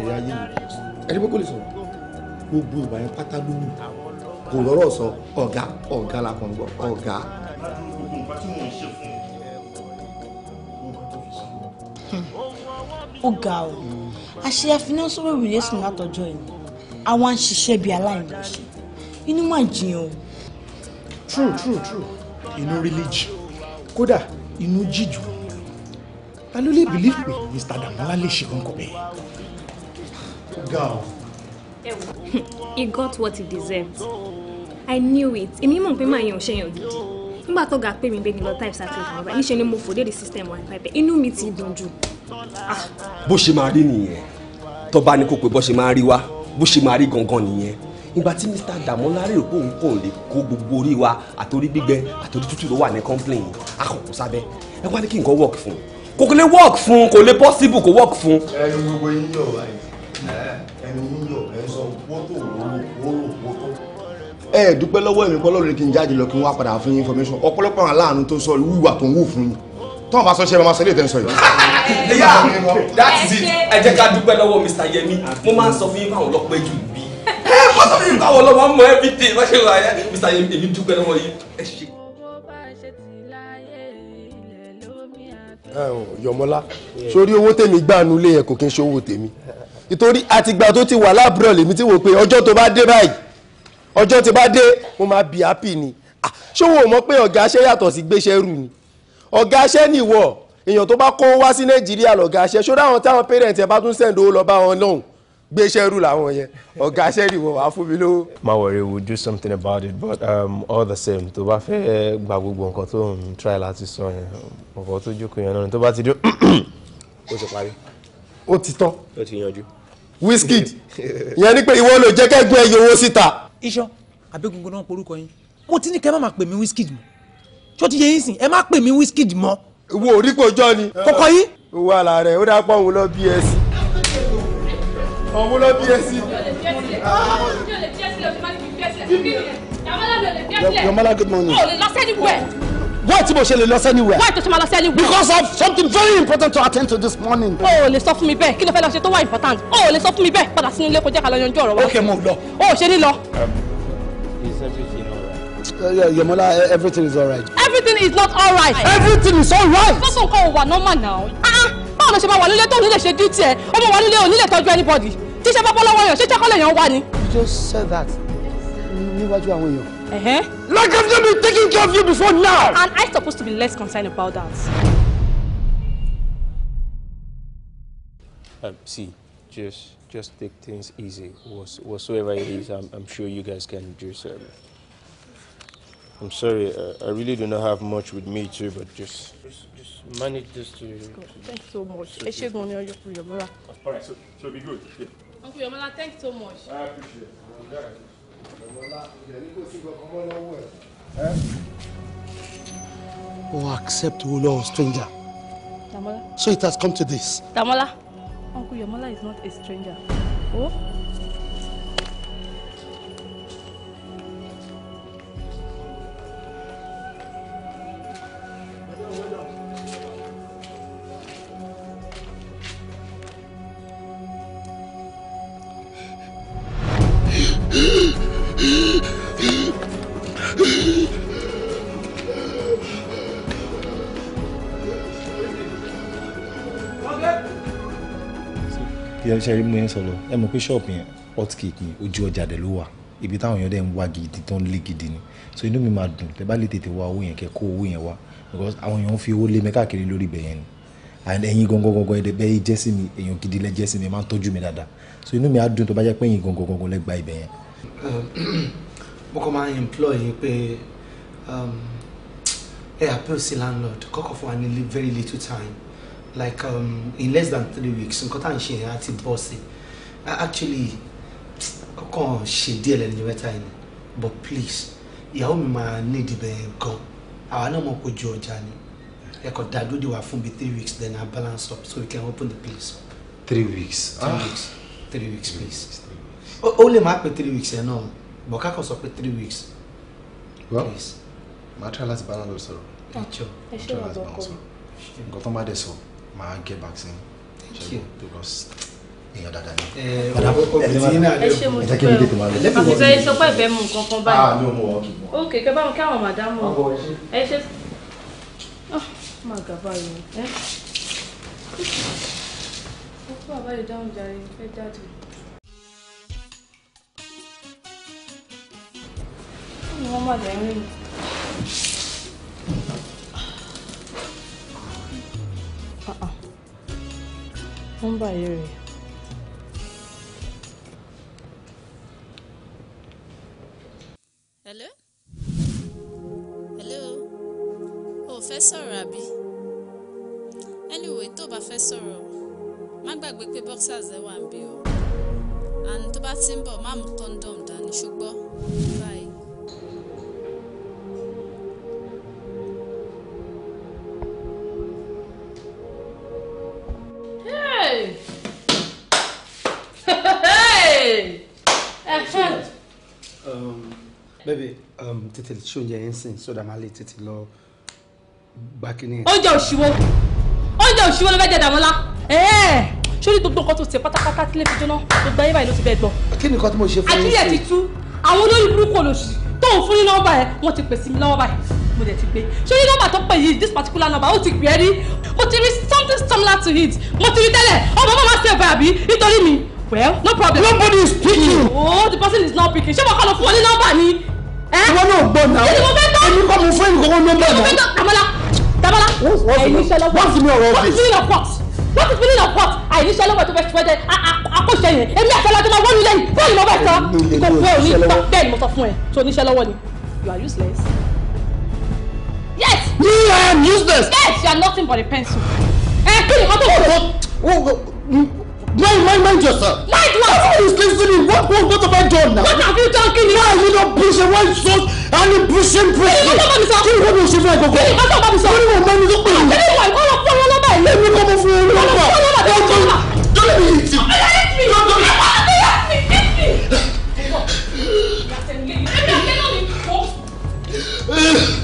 ẹ̀yà ayé mi ẹni pé kò lè sọ̀rọ̀ gbogbo ìgbà yẹn pátá ló wù kò lọ́rọ̀ sọ ọ̀gá ọ̀gá la kàn gbọ́ ọ̀gá. ó ga ọ àṣẹ àfihàn sọ̀rọ̀ ìrìlẹ̀ sùn látọjọ́ yìí àwọn à ń ṣiṣẹ́ bíi aláìmọ̀ṣe inú máa jiyàn o. true true true inú really jì kódà inú jì ta ló lè believe pé Mr. Damola lè ṣe kankan bẹ́ẹ̀. Go. He got what he deserved. I knew it. Èmi mọ̀ pé màá yan òṣèyàn gidi. Nígbà tó ga pé mi gbé ni lọ type circle kan báyìí, níṣẹ́ ni mo fòdé the system wa pẹ́pẹ́. Inú mi ti dùn jù. Ah. Bó ṣe máa rí nìyẹn, tó bá ní kó pé bó ṣe máa rí wá, bó ṣe máa rí gangan nìyẹn. Ìgbà tí Mr. Dàmọ́lárè rò pé òun kò lè kó gbogbo orí wa àtòrí gbígbẹ àtòrí tútù ló wà ní complain akọ̀kọ̀ sábẹ́. Ẹ wá ní kí nǹkan work fún un. Kò lè work fún un, kò lè possible kó work fún un. Ẹnu gbogbo yín yóò wáyé ẹ dúpẹ́ lọ́wọ́ ẹ̀mí pọ́lọ́rin kí n jáde lọ kí n wá padà fún information ọ̀pọ̀lọpọ̀ àwọn aláàánú tó sọ wíwà tó ń wù fún yín tó wọn bá sọ ṣe máa sọ ilé ìtẹ́sọ yìí. ẹyà that is it ẹ jẹ́ ká dúpẹ́ lọ́wọ́ Mr Yemi mo máa ń sọ fún yín fáwọn ọlọ́pẹ́ jù bí. ẹ wọ́n sọ fún yín fáwọn ọlọ́pàá mọ everyday wọ́n ṣe wà yẹn Mr Yemi èmi dúpẹ́ lọ́wọ́ yín ẹ ṣe. ẹ ò Yọmọlá sórí owó tèmi gbà nulẹ̀ yẹn kò kí n ṣe owó tèmi nítorí àtìgbà tó ti wà lábúrò lèmi ti wò pé ọjọ́ tó bá dé báyìí ọjọ́ tó bá dé mo máa bì happy ni ṣé wo mọ̀ pé ọ̀gá aṣẹ́ yàtọ̀ sí gbéṣẹ́ rù ni ọ̀gá aṣẹ́ nìwọ èèyàn tó bá kó wá sí nàìjíríà lọ̀gá aṣẹ́ ṣó dáhùn táwọn parent ẹ bá tún send lọ bá wọn lọ́hùn gbéṣẹ́ rù làwọn yẹn ọ̀gá aṣẹ́ nìwọ wàá fún mi lówó. má worry we will do something about it but um, all the same tó bá fẹ́ gba gbogbo nǹkan tó ń try láti sọ yẹn ọ̀pọ̀ tó jókòó yẹn náà tó bá ti dé [coughs] ó ti parí ó ti tán. ó ti yanjú. Wizkid [laughs] ìyẹn ni pé ìwọ ló jẹ́ kẹ́gbẹ́ ẹyẹ owó síta. iṣan abégungun náà porúkọ yín mo ti ní kẹ́ ẹ má máa pè mí Wizkid mọ́ tó ti yẹ yín sìn ẹ má pè mí Wizkid mọ́. wo orípo jọ ni. kọkọ yín. wà á rẹ̀ ó dáa pọ̀ òun lọ bí ẹ sí. òun lọ bí ẹ sí. Yomala good morning. o lè lọ sẹ́ni wẹ̀ why tí mo ṣe lè lọ sẹ́niwẹ̀. why tó ṣe máa lọ sẹ́niwẹ̀. because of something very important to attend to this morning. o ò lè sọ fún mi bẹ́ẹ̀ kí ló fẹ́ lọ ṣe tó wà important o ò lè sọ fún mi bẹ́ẹ̀ padà sínú ilé kó jẹ́ ká lọ yanjú ọ̀rọ̀ wa. okay mo lọ. o ò ṣe ní lọ. Um, is everything all right? Uh, Yemola, e, everything is alright. everything is not alright. everything is alright. right. gbọ́dọ̀ nǹkan ò wà normal now. Ah, ah, báwo ló ṣe máa wà nílé tó nílé ṣe duty ẹ̀ ọmọ wà nílé ò nílé tọ́jú anybody tíṣẹ́ bá bọ́ lọ́wọ́ yàn ṣé ṣẹ́kọ́lẹ̀ yàn wá ni. you just said that níwájú àwọn èèyàn. Uh-huh. Like I've not been taking care of you before now. And I'm supposed to be less concerned about that. Um, see, just just take things easy. Whatsoever it is, I'm, I'm sure you guys can do so. I'm sorry, uh, I really do not have much with me too, but just just, just manage this to. Thanks so much. So, so, All right, so, so be good. Yeah. Uncle Yomola, thanks so much. I appreciate it. Eh? Oh, accept, O stranger. Damola. So it has come to this. Damola, Uncle Yamola is not a stranger. Oh? ṣe rí mú yẹn sọlọ ẹ mọ̀ pé ṣọ́ọ̀bù yẹn hot cake ojú ọjà dẹ̀ ló wà ibi táwọn èèyàn dẹ̀ ń wá gidi tán lé gidi ni so inú mi máa dùn tẹ́ bá lè tètè wá owó yẹn kẹ́ kó owó yẹn wá because àwọn èèyàn ń fi owó lé mi káàkiri lórí ibẹ̀ yẹn ni and ẹ̀yin gangan gangan ẹ̀dẹ̀ bẹ́ẹ̀ jẹ́ sí mi èèyàn gidi lẹ jẹ́ sí mi máa ń tọ́jú mi dáadáa so inú mi á dùn tó bá jẹ́ pé ẹ̀yin gangan gangan lẹ gba ibẹ̀ yẹn. [clears throat] mo kọ́ máa ń employ yín pé um, ẹ appeal sí landlord kọ́kọ́ fún wa ní very little time like um, in less than three weeks nǹkan tá à ń ṣe yẹn á ti bọ́ sí i actually ọkàn ṣe díẹ̀ lẹ́nu mẹ́ta yìí but please ìyàwó mi máa ní ìdìbẹ̀ gan àwa náà mọ̀ kó ju ọjà ni ẹ̀kọ́ dàdú di wa fún bíi three weeks then I balance up so we can open the place up. three weeks three ah. weeks three weeks please ó lè má pé three weeks yẹn náà but kákọ̀ sọ pé three weeks well, please. màá try láti balance up sọ̀rọ̀ ẹ ṣe wà lọ́kọ̀ mi nǹkan tó má dẹ̀ sọ̀rọ̀ máa get back sí ṣẹ́gun because èèyàn dáadáa ni. Eh, ẹ ṣe mo ti pẹ́ o àfihàn ẹ sọ pé ìfẹ́ mu nǹkan kan báyìí. ah mi ò mú ọ kì í mọ. ok kẹ bá mi kí àwọn màdámù ẹ ṣe. Ah, máa gà báyìí ẹ. ó fún àbáyé dáhùn jàre ẹ jáde. wọ́n má dẹ̀ nọ́mbà yìí rèé. hello hello o fẹ́ sọ̀rọ̀ àbí anyway tó o bá fẹ́ sọ̀rọ̀ má gbàgbé pé boxers ẹ wà ń bí o and tó bá ti ń bọ̀ má mú condom dání ṣùgbọ́n. bẹ́ẹ̀bi um, tètè ṣe oúnjẹ yẹn sìn sódà máa lè tètè lọ gba kínní. oúnjẹ òṣìwò oúnjẹ òṣìwò ló fẹ́ jẹ Dàmọ́lá sórí gbogbo nǹkan tó ṣe pátápátá tí lè fi jóná gbogbo ayé báyìí ló ti bẹ́ẹ̀ gbọ́. kí ni nǹkan tí mo ṣe fún yín sí. àkíyè ti tú àwọn olórí burúkú olóṣù tó ń fún ní nọ́mbà ẹ wọ́n ti pèsè mi lọ́wọ́ báyìí mo dẹ̀ ti gbé sórí nọ́mbà tó pè yìí this particular number ó ti pè é rí mo ti rí something similar to it mo ti rí tẹ́lẹ̀ ọmọ mọ́ máa ṣe ẹ̀bà àbí nítorí mi well no problem. nobody is picking. oh the person is not picking ṣé wọ́n kọ́ lọ fún ọ ní nọ́mbà ni ìwọ náà gbọ́ náà èmi kọ́ mo fún ìkókó nọ́mbà náà. Tamọ́lá Tamọ́lá àìníṣẹ́ lọ́wọ́ wọ́n ti mi ọ̀rọ̀ ọ̀fẹ́. wọ́n ti fi nínú pot àìníṣẹ́ lọ́wọ́ tó fẹ́ fẹ́ jẹ akóṣe yẹn èmi àtọ́lá tó máa wọ́n mi lẹ́yìn fóònù mo bẹ̀ sọ kò fẹ́ òní gbà bẹ́ẹ̀ ni mo sọ fún ẹ tó níṣẹ́ lọ́wọ́ ni you are useless. yes. me i am useless. yes you are nothing but a pencil. ẹ kí ni kò tó kò tó. Mind, mind, mind yourself. Mind what? Someone is listening. What, what, what have I done now? What are you talking? Kini? Why are you not pushing Why source and in pushing pressing? Kini, what about Kini, what was she like? Kini, what about yourself? Kini, what about yourself? Kini, what about yourself? Kini, what about yourself? Let me come over here. Let me come over Don't let me hit you. Let me. Don't let me. Hit Hit me. Ugh.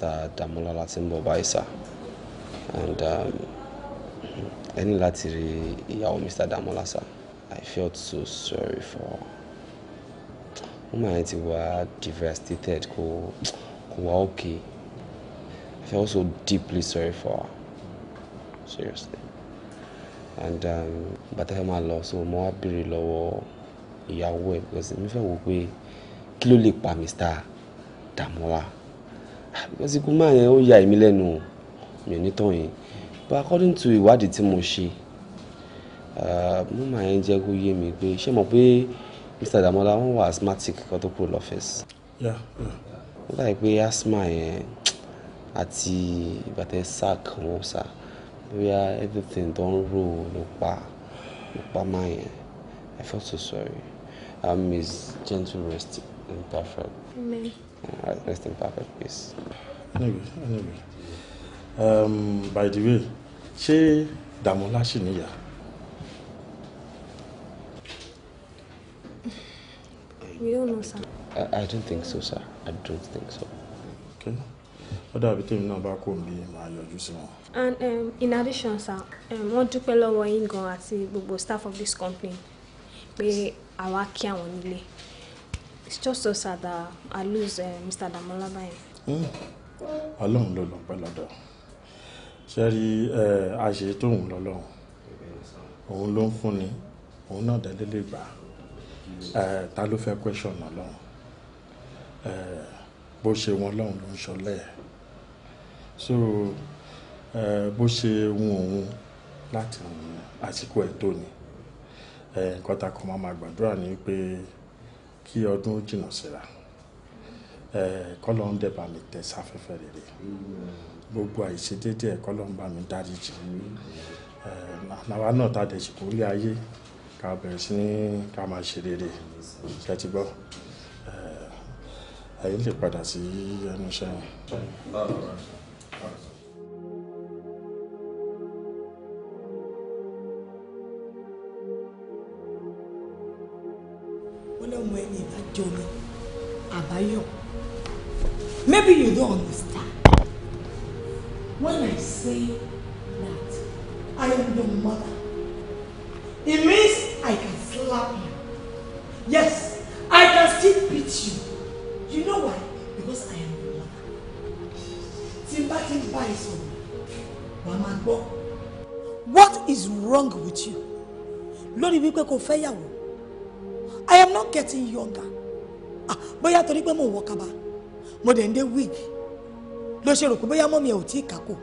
Mr. Damola Latinbo Baisa and um, any láti rí ìyàwó Mr. Damola sir I felt so sorry for her. Woman yẹn ti devastated kò kò okay I felt so deeply sorry for her seriously and bàtà fẹ́ máa lọ so mo wá béèrè lọ́wọ́ ìyàwó ẹ̀ because mi fẹ́ wò pé kí ló Mr. Damola because ikú máa yẹn ó ya èmi lẹ́nu mi ò ní tàn yín but according to ìwádìí tí mo ṣe ah, mo máa yẹn jẹ́ kó yé mi pé ṣé mo pé Mr. Damola wọn wà asthmatic kan tó kúrò lọ́fẹ̀ẹ́sì. ó dàbí pé asthma yẹn àti ìbàtẹ́ sac wọn sá bóyá everything don roll ló pa ló pa máa yẹn I felt so sorry I miss gentle rest and perfect. Amen. Ah, rest in perfect peace. anyway anyway um, by the way ṣé Dàmọ́lá ṣì níyà. we don't know sir. I, I don't think so sir I don't think so. okay ó dàbí tèmi náà bá kó mi máa yọjú sí wọn. and um, in addition sir um, wọ́n dúpẹ́ lọ́wọ́ yín gan àti gbogbo staff of this company pé àwa kí àwọn nílé it's just so sad that I lose uh, eh, Mr. Damola báyìí. Hmm. ọlọ́run ló lọ pẹ́ lọ́dọ̀ ṣe rí eh, àṣẹ tóun lọ́lọ́run òun ló ń fúnni òun náà dẹ́lẹ́ lè gbà eh, ta ló fẹ́ question ọlọ́run bó ṣe wọn lọ́run ló ń ṣọlẹ̀ so bó ṣe wun òun láti àsìkò ẹ̀ tó ni nǹkan tá a kọ́ máa gbàdúrà ni pé. Uh, kí ọdún ó jìnnà síra kọ́lọ́n dẹ̀ bá mi tẹ̀ sáfẹ́fẹ́ rere gbogbo àìṣedédé ẹ̀ kọ́lọ́n bá mi dáríjì àwa náà tá a dẹ̀ ṣìkò rí ayé ká bẹ̀rẹ̀ sí ní ká máa ṣe rere ṣe ti gbọ́ ẹ̀yin lè padà sí ẹnu iṣẹ́ yẹn. ọlọ́mọ ẹni ìbàjọ́ ni àbáyọ̀ maybe you don't understand when I say that I am your mother it means I can slap you yes I can still beat you you know why because I am your mother tí n bá ti ń bá ẹ sọ̀rọ̀ wàá gbọ́ what is wrong with you lórí wípé kò fẹ́ yàwó I am not getting younger. Ah, bóyá torí pé mò ń wọ kaba, mo dẹ̀ ń dé wig. Ló ṣe rò pé bóyá mọ́mi ẹ̀ ò tí ì kákò.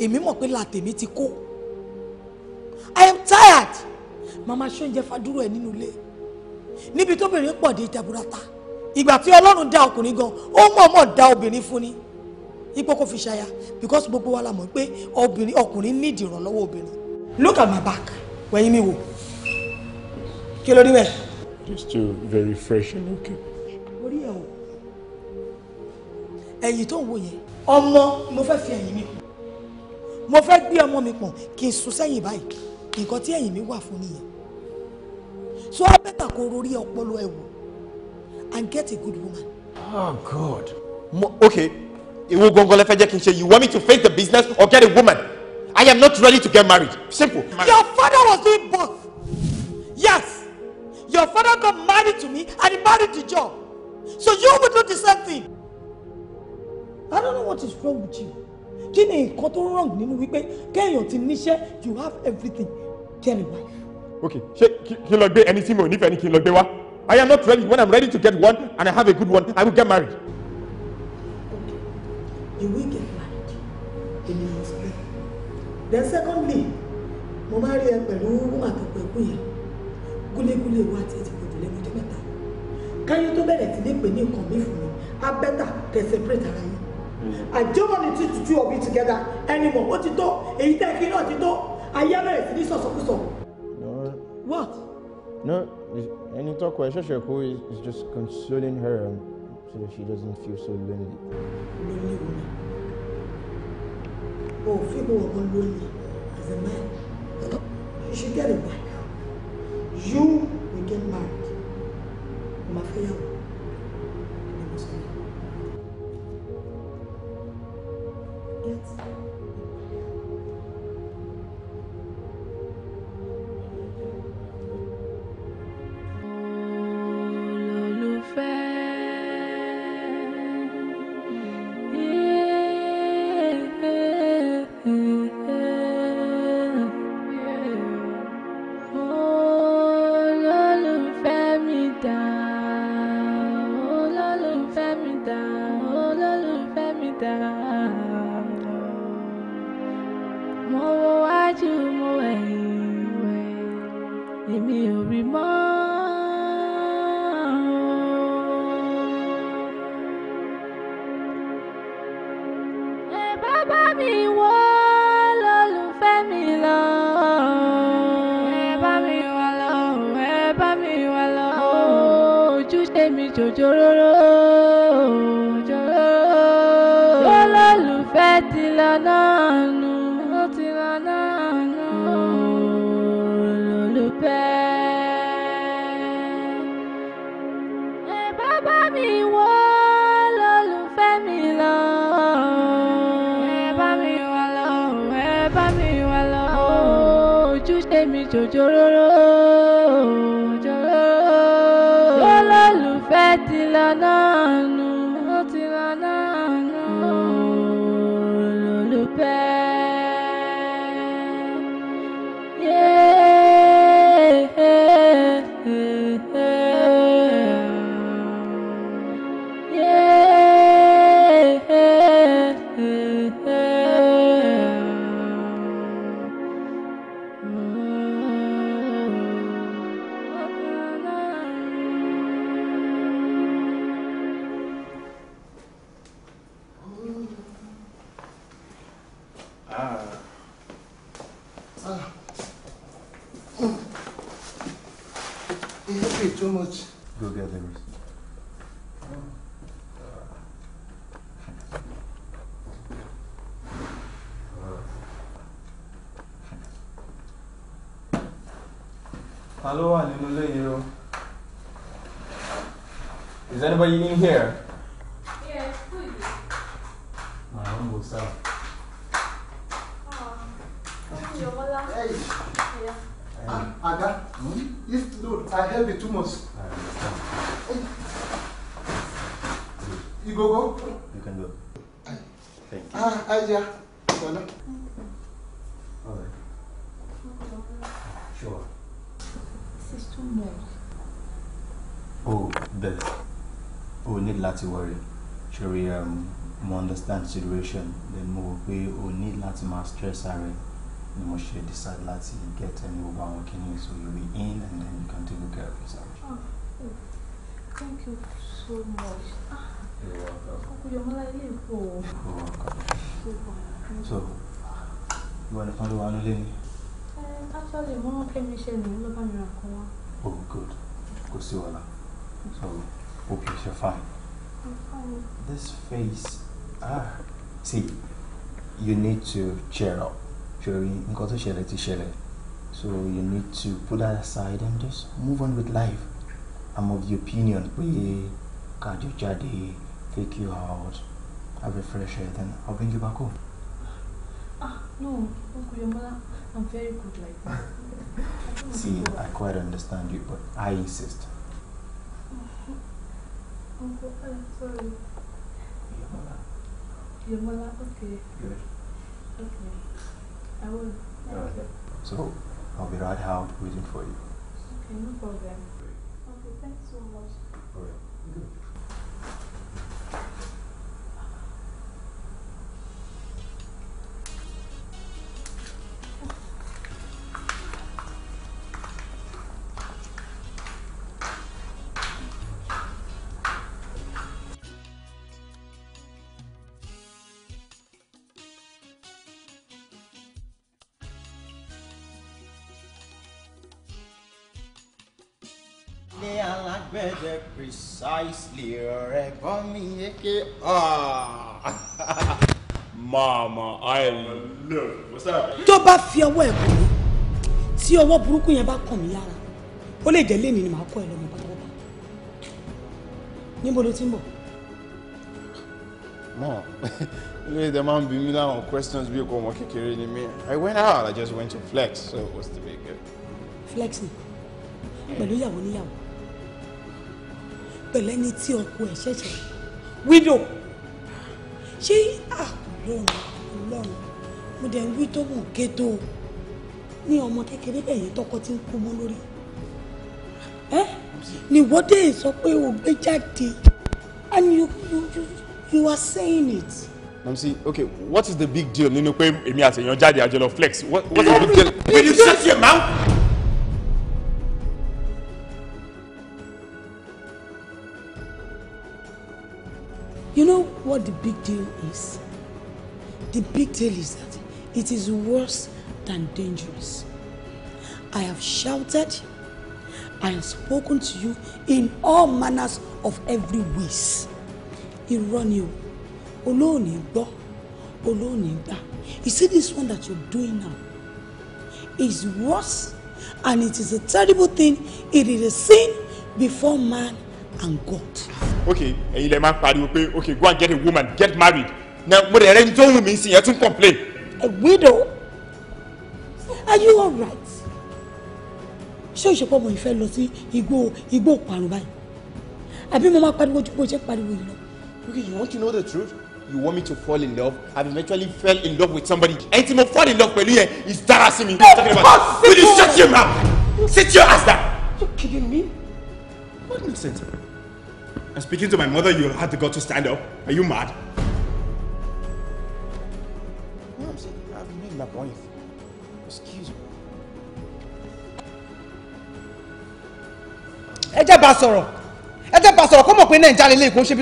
Èmi mọ̀ pé làtèmi ti kó. I am tired. Màmá ṣóúnjẹ fàdúrò ẹ̀ nínú ilé. Níbi tó bèrè pọ̀ dé jaburata. Ìgbà tí Ọlọ́run dá ọkùnrin gan, ó mọ̀ọ́mọ̀ dá obìnrin fún ni. Ipò kò fi ṣaya because gbogbo wa la mọ̀ pé ọkùnrin nídìí ìrànlọ́wọ́ obìnrin. Look at my back, wẹ̀yìn mi wò. Kí ló rí bẹ́ẹ̀? they're still very fresh and okay. What ẹ̀ o ẹ̀yìn tó ń wò yẹn ọmọ mo fẹ́ fi ẹ̀yìn mi kù mo fẹ́ gbé ọmọ mi pọ̀n kí n sún sẹ́yìn báyìí nǹkan tí ẹ̀yìn mi wà fún nìyẹn so á bẹ́tà kó rorí ọpọlọ ẹ̀ and get a good woman. oh god mo okay ìwọ gangan lẹ jẹ́ kí n ṣe you want me to face the business or get a woman i am not ready to get married simple. your father was doing both yes. Your father got married to me and he married the Job. So you will do the same thing. I don't know what is wrong with you. Kí ni nǹkan wrong? wrong nínú wípé kéèyàn ti níṣẹ́ you have everything tell your wife. Okay, ṣé kí n lọ gbé ẹni tí mi ò nífẹ̀ẹ́ ni kí n lọ gbé I am not ready. When I'm ready to get one and I have a good one, I will get married. Okay, you will get married. Èmi must pray. Then secondly, mo máa rí ẹ pẹ̀lú àtọ̀pẹ̀kú yẹn kúlégúlé wa ti ti pọ̀ jù lẹ́nu ọjọ́ mẹ́ta káyé tó bẹ̀rẹ̀ sí ní pè ní nǹkan mi fún mi á bẹ́tà kẹ́ separate ara yín I don't want you to do of it together anymore ó ti tó èyí tẹ́ kí náà ti tó ayé bẹ̀rẹ̀ sí ní sọ̀sọ̀kúsọ. What? No, ẹni tọkọ ẹ ṣẹ̀ṣẹ̀ kú is just consoling her um, so she doesn't feel so lonely. Lonely woman. Oh, fíìmù ọ̀gbọ́n lonely as a man. You should get it back. you will get married. Mama Freya. Yes. mi wá lólùfẹ́ mi lọ. ẹ bá mi wá lọ ẹ bá mi wá lọ ojúṣe mi jòjòróró. consideration then mo wò pé o ní láti máa stress ara ẹ ni mo ṣe decide láti get ẹni gbogbo àwọn kìíní so you be in and then you can take good care of yourself. Ah, oh, thank you so much. Ah, you're welcome. ọkùnrin ilé ìfọ. you're welcome. so ìwọ nìkan ló wà nílé ni. actually I'm not kẹ́mi ṣe nìyí ló bá oh good kò see wàhálà so hope you're fine. I'm fine. this face ah see you need to cheer up Jerry. nǹkan tó ṣẹlẹ̀ ti ṣẹlẹ̀ so you need to put that aside and just move on with life i'm of the opinion pé kájọ jáde take you out have a fresh air then i'll bring you back home. ah no uncle yomola i'm very good like that. [laughs] see i quite understand you but i insist. [laughs] uncle i'm sorry. yomola. You're okay. Good. Okay. I will. Okay. So, I'll be right out waiting for you. Okay, no problem. Okay, thanks so much. Alright. measure precisely or eke. Ah. [laughs] Mama, I love. What's up? Tó bá fi ọwọ́ ẹ̀ kàn mí, tí ọwọ́ burúkú yẹn bá kàn mí lára, ó lè jẹ́ lémi ni màá kọ́ ẹ lọ́mọ pátápátá. Níbo ló ti ń bọ̀? Mom, really the man be me now on questions bí ọkọ ọmọ kékeré ni mí. I went out, I just went to flex, so what's the big deal? Flexing, pẹ̀lú ìyàwó níyàwó pẹ̀lú ẹni tí ọkọ ẹ̀ ṣẹ̀ṣẹ̀ widow ṣé ọlọ́run ọlọ́run mo dẹ̀ ń wí tó mò ń ní ọmọ kékeré bẹ́ẹ̀ yẹn tọkọ ti ń kú mọ́ lórí ẹ́ ni wọ́dẹ̀ sọ pé o gbé jáde and you you you, are saying it. Mamsi, okay, what is the big deal nínú pé èmi àti èèyàn jáde àjọlọ flex? What, What is the big deal? Will you shut your mouth? what the big deal is? The big deal is that it is worse than dangerous. I have shouted, I have spoken to you in all manners of every ways. Irọ́ ni o, olóòní gbọ́, You see this one that you're doing now is worse and it is a terrible thing. It is a sin before man and God. Okay, ẹ̀yin lẹ máa pariwo pé ok go and get a woman get married na mo rẹ̀ rẹ̀ ń tó wù mí sí yẹn tún complain. a widow are you alright ṣé òṣèpọ̀ mọ̀ ìfẹ́ lọ sí igbó igbó parun báyìí àbí mo máa pariwo ju bó ṣe pariwo yìí lọ. okay you want to know the truth you want me to fall in love I've eventually fell in love with somebody ẹni tí mo fall in love pẹ̀lú yẹn is dára sí mi. no will you shut your mouth sit your ass down. you kidding me what nonsense. And speaking to my mother, you had the gut to stand up. Are you mad? No, I'm I've made my point. Excuse me. Ẹ basoro, bá basoro. Come up bá sọ̀rọ̀ kó mọ̀ pé Nàìjíríà lè lè kó ṣe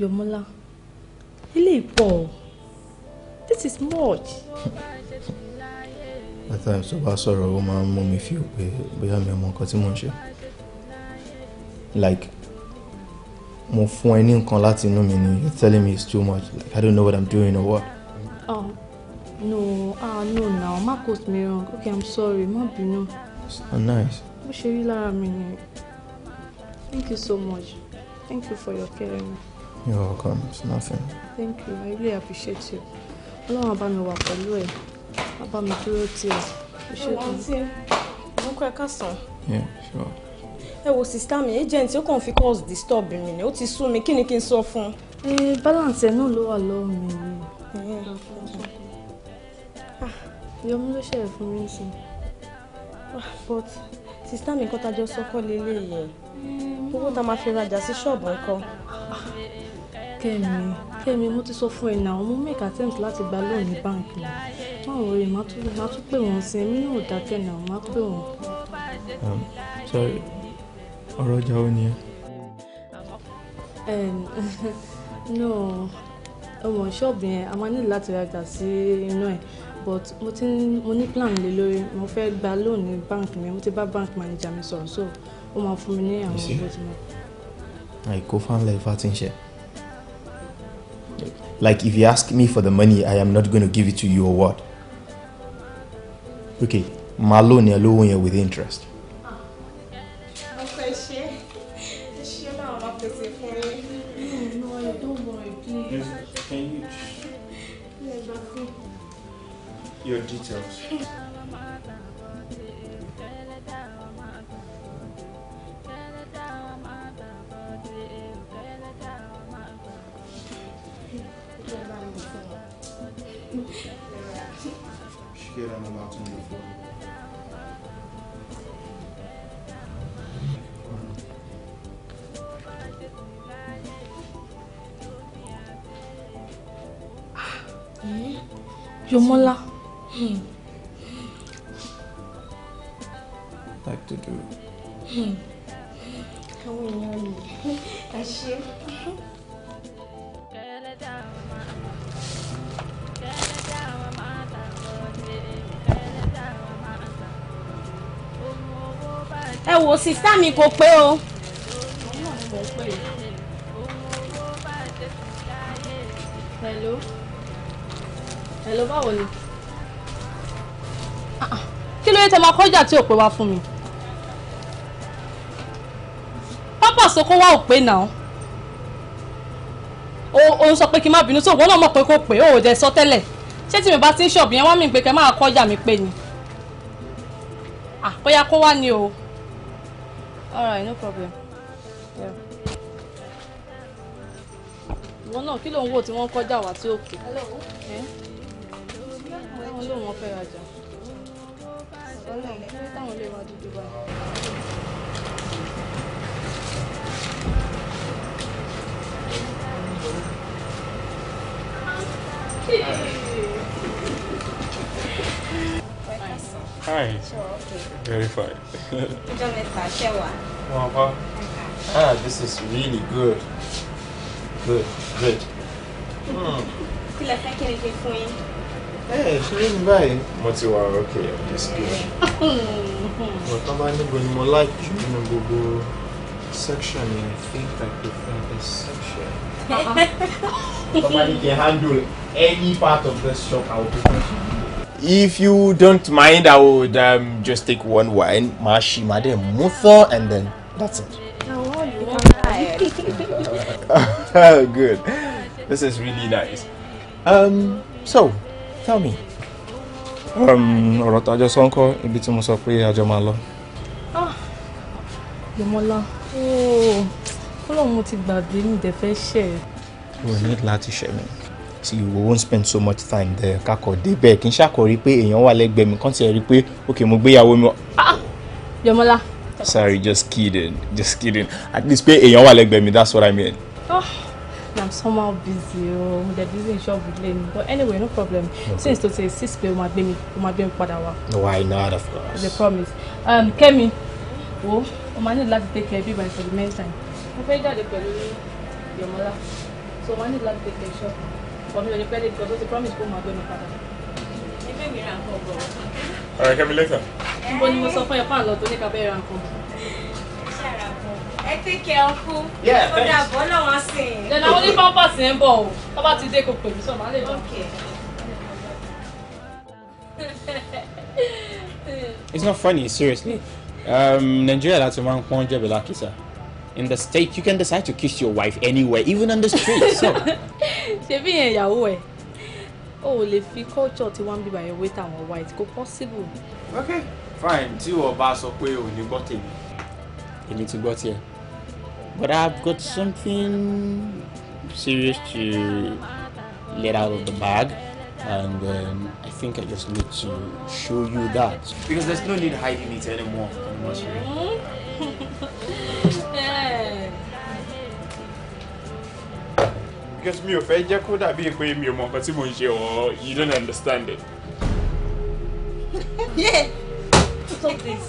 Yomola, ilé ìpọ̀ ọ̀ this is much. at times tó bá sọ̀rọ̀ ó máa ń mú mi feel pé bóyá mi ò mọ nǹkan tí mò ń ṣe like mo fún ẹ ní nǹkan láti inú mi ni you're telling me it's too much like I don't know what I'm doing or what. Oh, no ah no na má quote me wrong okay I'm sorry má bínú. it's not nice. bó ṣe rí lára mi ni thank you so much thank you for your caring. You're welcome. It's nothing. Thank you. I really appreciate you ọlọ́run bá mi wà pẹ̀lú ẹ̀ bá mi dúró tì ẹ̀ ìṣègùn ìmúkọ ẹ kásán. ẹ wo sista mi agent ó kàn fi calls disturb mi ni ó ti sú mi kí ni kí n sọ fún. balance ẹ náà ló wà lọ́wọ́ mi yìí. Ah, yọmú ló ṣẹlẹ̀ fún mi sí ah, but sista mi nǹkan a jọ sọ kọ́ lélẹ́yìí owó tá a máa fi rajà sí ṣọ́ọ̀bù nǹkan kẹ́mi kẹ́mi mo ti sọ fún ẹ náà mo make attempt láti gba loan ní báǹkì náà máa wọ rè má tún pè wọ́n sí ẹ̀mí náà dákẹ́ náà má pè wọ́n. Um, sorry ọ̀rọ̀ ọjà ó ní ẹ. [laughs] no ọmọ ṣọ́ọ̀bù yẹn a máa ní láti rajà sí inú ẹ̀ but mo ti mo ní plan lé lórí mo fẹ́ gba loan ní báǹkì mi mo ti bá bank manager mi sọ̀rọ̀ so ó máa fún mi ní àwọn owó tí mo. àìkó fanlẹ̀ ifá ti ń ṣe. Like if you ask me for the money, I am not going to give it to you or what? Okay, my loan, your loan with interest. mi kò pé o. hello hello báwo ni. Ah, ah. kí ló yẹ tẹ́ máa kọjá tí ò pé wá fún mi. pápá soko wa ò pé náà ó ń sọ pé kí n má bínú tó òun náà mọ̀ pé kò pé òòdẹ sọ tẹ́lẹ̀ ṣé tí mi bá ti ń ṣọ̀bù yẹn wá mi pé kẹ́ máa kọjá mi pé ni. àkóyá ah, kó wá ni o. Ah, All right, no problem. Yeah. Ìwọ náà kí what? ń wò tí wọ́n kọjá wá tí òkè? Hello. Eh? Ẹ́ wọ́n Hi. Sure, okay. Very fine. Mama. Ah, this is really good. Good, good. Hmm. Kí lẹ fẹ́ kí n ṣe fún yín? Ẹ ṣe ló ní báyìí. Mo ti wà òkè display. Hmm. Mo like jù nínú gbogbo section yẹn. I think I prefer this section. Tọ́ba [laughs] can handle any part of this shop I will if you don't mind, I would um, just take one wine, mashi made mutho, and then that's it. [laughs] Good. This is really nice. Um, so, tell me. Um, ọ̀rọ̀ tó àjọ sọ́ńkọ́ ibi tí mo sọ pé àjọ máa lọ. Ah, Yọmọlá, ó oh, lóun mo ti gbàgbé mi dẹ̀ fẹ́ O ní láti ṣẹ̀ tí we won't spend so much time there kakọ̀ débẹ̀ kì í ṣàkọ̀rí pé èèyàn wà lẹ́gbẹ̀ẹ́ mi kàn ti rí pé ok mo gbéyàwó mi. Ah, ah, Jọmọlá. sorry just kidding just kidding at least pé èèyàn wà lẹ́gbẹ̀ẹ́ mi that's what I mean. Oh, I'm somehow busy o oh. the busy in shop with lane but anyway no problem okay. since to say six pay, o ma gbé mi o ma gbé mi padà wá. why not of course. as promise um, Kemi, wo o ma need láti take care of you by for the meantime mo fẹ́ jáde pẹ̀lú Yomola. so o ma need láti take care of shop for me lórí credit because ó promise kó máa gbé mi padà. ẹgbẹ́ mi ra nǹkan ọ̀gbọ̀n. ọ̀rẹ́ kẹ́mi lẹ́tà. níbo ni mo sọ fún ẹ fún àlọ́ tó ní ká bẹ́ẹ̀ ra nǹkan. ẹ take care ọkú. ó dà bọ́ lọ́wọ́ sí i. lẹ́nu àwọn onípọ́npọ́sì ń bọ̀ o tó bá ti dé kò pè mí sọ máa lè bá. [laughs] It's not funny, seriously. Um, Nigeria láti máa ń pọ́n jẹ̀bẹ̀ lákìsà in the state you can decide to kiss your wife anywhere even on the street so. [laughs] ṣebí yẹn ìyàwó ẹ o ò lè fi culture tí wọ́n ń bíbá yẹn wé tàwọn white kò possible. ok fine tí wọ́n bá sọ pé ò ní gbọ́ tèmi. èmi ti gbọ́ tiẹ̀ but I've got something serious to let out of the bag and um, I think I just need to show you that. because there's no need hiding it anymore. [laughs] because mi ò fẹ́ jẹ́ kó dàbí pé mi ò mọ you don't understand it. [laughs] yeah stop this.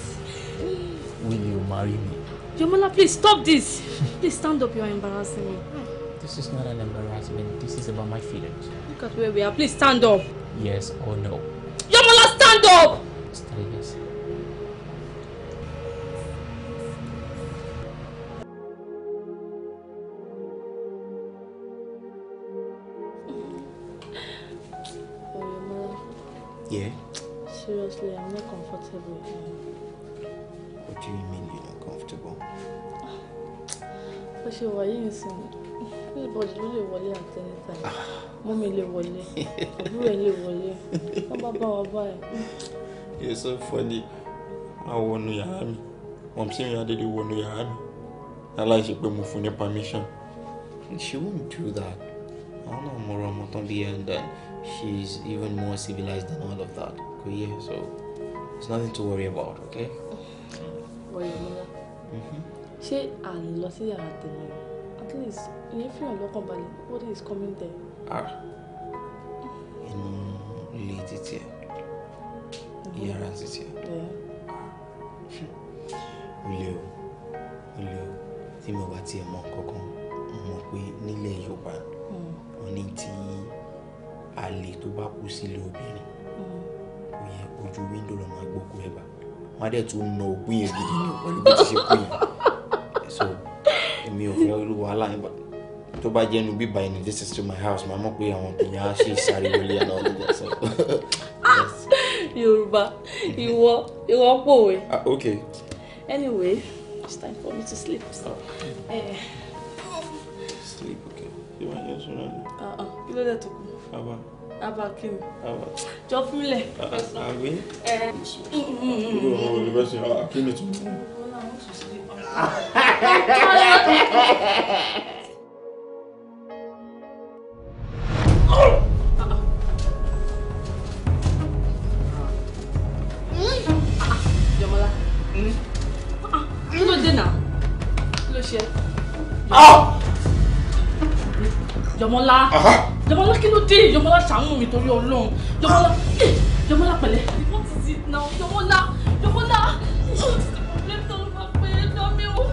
will you marry me. Jomola please stop this please stand up you are embarrassing me. this is not an embarrassment this is about my feelings. look at where we are please stand up. yes or no. Jomola stand up. stay yes. Yeah? Seriously, I'm not comfortable here. What do you mean you're not comfortable? But you were in Anybody ló lè wọlé at any time. Ah. Mọ́mí lè wọlé. Àbúrò lè wọlé. Wọ́n bá bá wa báyìí. You're so funny. I want Máa wọnú yàrá mi. Mọ̀mísí mi Adédè wọnú yàrá mi. Aláìsí pé mo fún ní permission. She won't do that. I náà mọ̀rọ̀ ọmọ tán bí ẹ̀ ń she's even more civilized than all of that. Koye, so there's nothing to worry about, okay? Oyinmola, mm-hmm. ṣé à ń lọ sí yàrá tèmi o? At least, if you're hàn lọ́kàn balẹ̀, what is coming there? Ah, inú ilé títí ẹ̀, mm-hmm. yàrá títí Yeah. Olè hmm. o, olè o, tí mo bá tiẹ̀ mọ kankan, mo mọ̀ pé nílẹ̀ Yorùbá, mm. wọ́n ní tí àlè tó bá kú sílé obìnrin kò hmm. yẹ ojú wíńdò lọ máa gbókù ẹ̀ bá wọ́n á tún na ògbín yẹn gidi pẹ̀lú bó ti ṣe kú yẹn so èmi ò fẹ́ olú wàhálà yẹn bá tó bá jẹ́nu bíbá yẹn ni this is to my house màá mọ̀ pé àwọn tèmi á ṣe sáré wọlé àná ọ̀dọ̀ jẹ́ sọ. Yorùbá ìwọ ìwọ pòwe. Ah, okay. anyway it's time for me to sleep. So. Uh, sleep okay. Uh-uh. kí ló dé tó kù àbá. àbá kí ni. àbá. jọ fúnlẹ̀. àbí. ìlú ọmọ olùbẹ́sẹ̀ ah, kí ni tún. Jọmọlá. Kí ló dé náà? Kí ló ṣe? Ah! Jọmọlá. Jọmọlá kí ló dé? Jọmọlá ṣàánú mi torí Ọlọ́run. Jọmọlá eh, Jọmọlá pẹ̀lẹ́. What is it now? Jọmọlá Jọmọlá problem tó ló máa pè é lọ́mí o.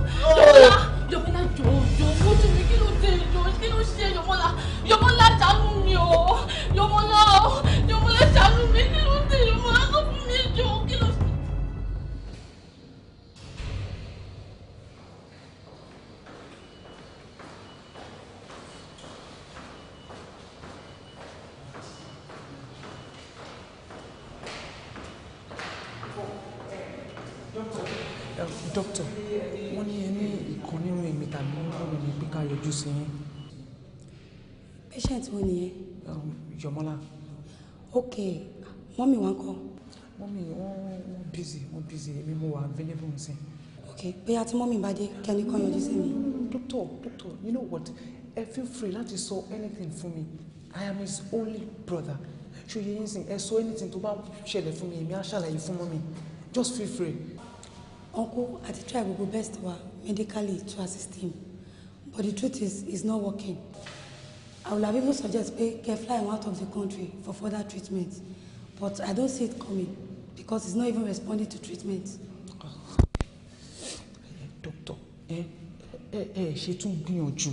Jọmọlá Jọmọlá jọ jọ ojú mi kí ló dé jọ kí ló ṣe Jọmọlá Jọmọlá ṣàánú mi o Jọmọlá Jọmọlá ṣàánú mi kí ló dé Jọmọlá. pé ká yọjú sí yín. patient wo nìyẹn. Jọmọ́lá. Um, ok mọ́mì wa ń kọ́. mọ́mì wọ́n wọ́n busy wọ́n busy èmi mo wà available n sìn. ok bóyá tí mọ́mì bá dé kẹ́ni kan yọjú sí mi. doctor doctor you know what ẹ feel free láti sọ anything fún mi i am his only brother ṣòye yín sìn ẹ sọ anything tó bá ṣẹlẹ̀ fún mi èmi á ṣàlàyé fún mọ́mì just feel free. uncle àti try gbogbo best wa medically to assist him but the truth is it's not working i would have even suggest pé get fly out of the country for further treatment but i don't see it coming because he's not even responding to treatment. doctor ẹ ẹ ẹ ṣe tún gbìyànjú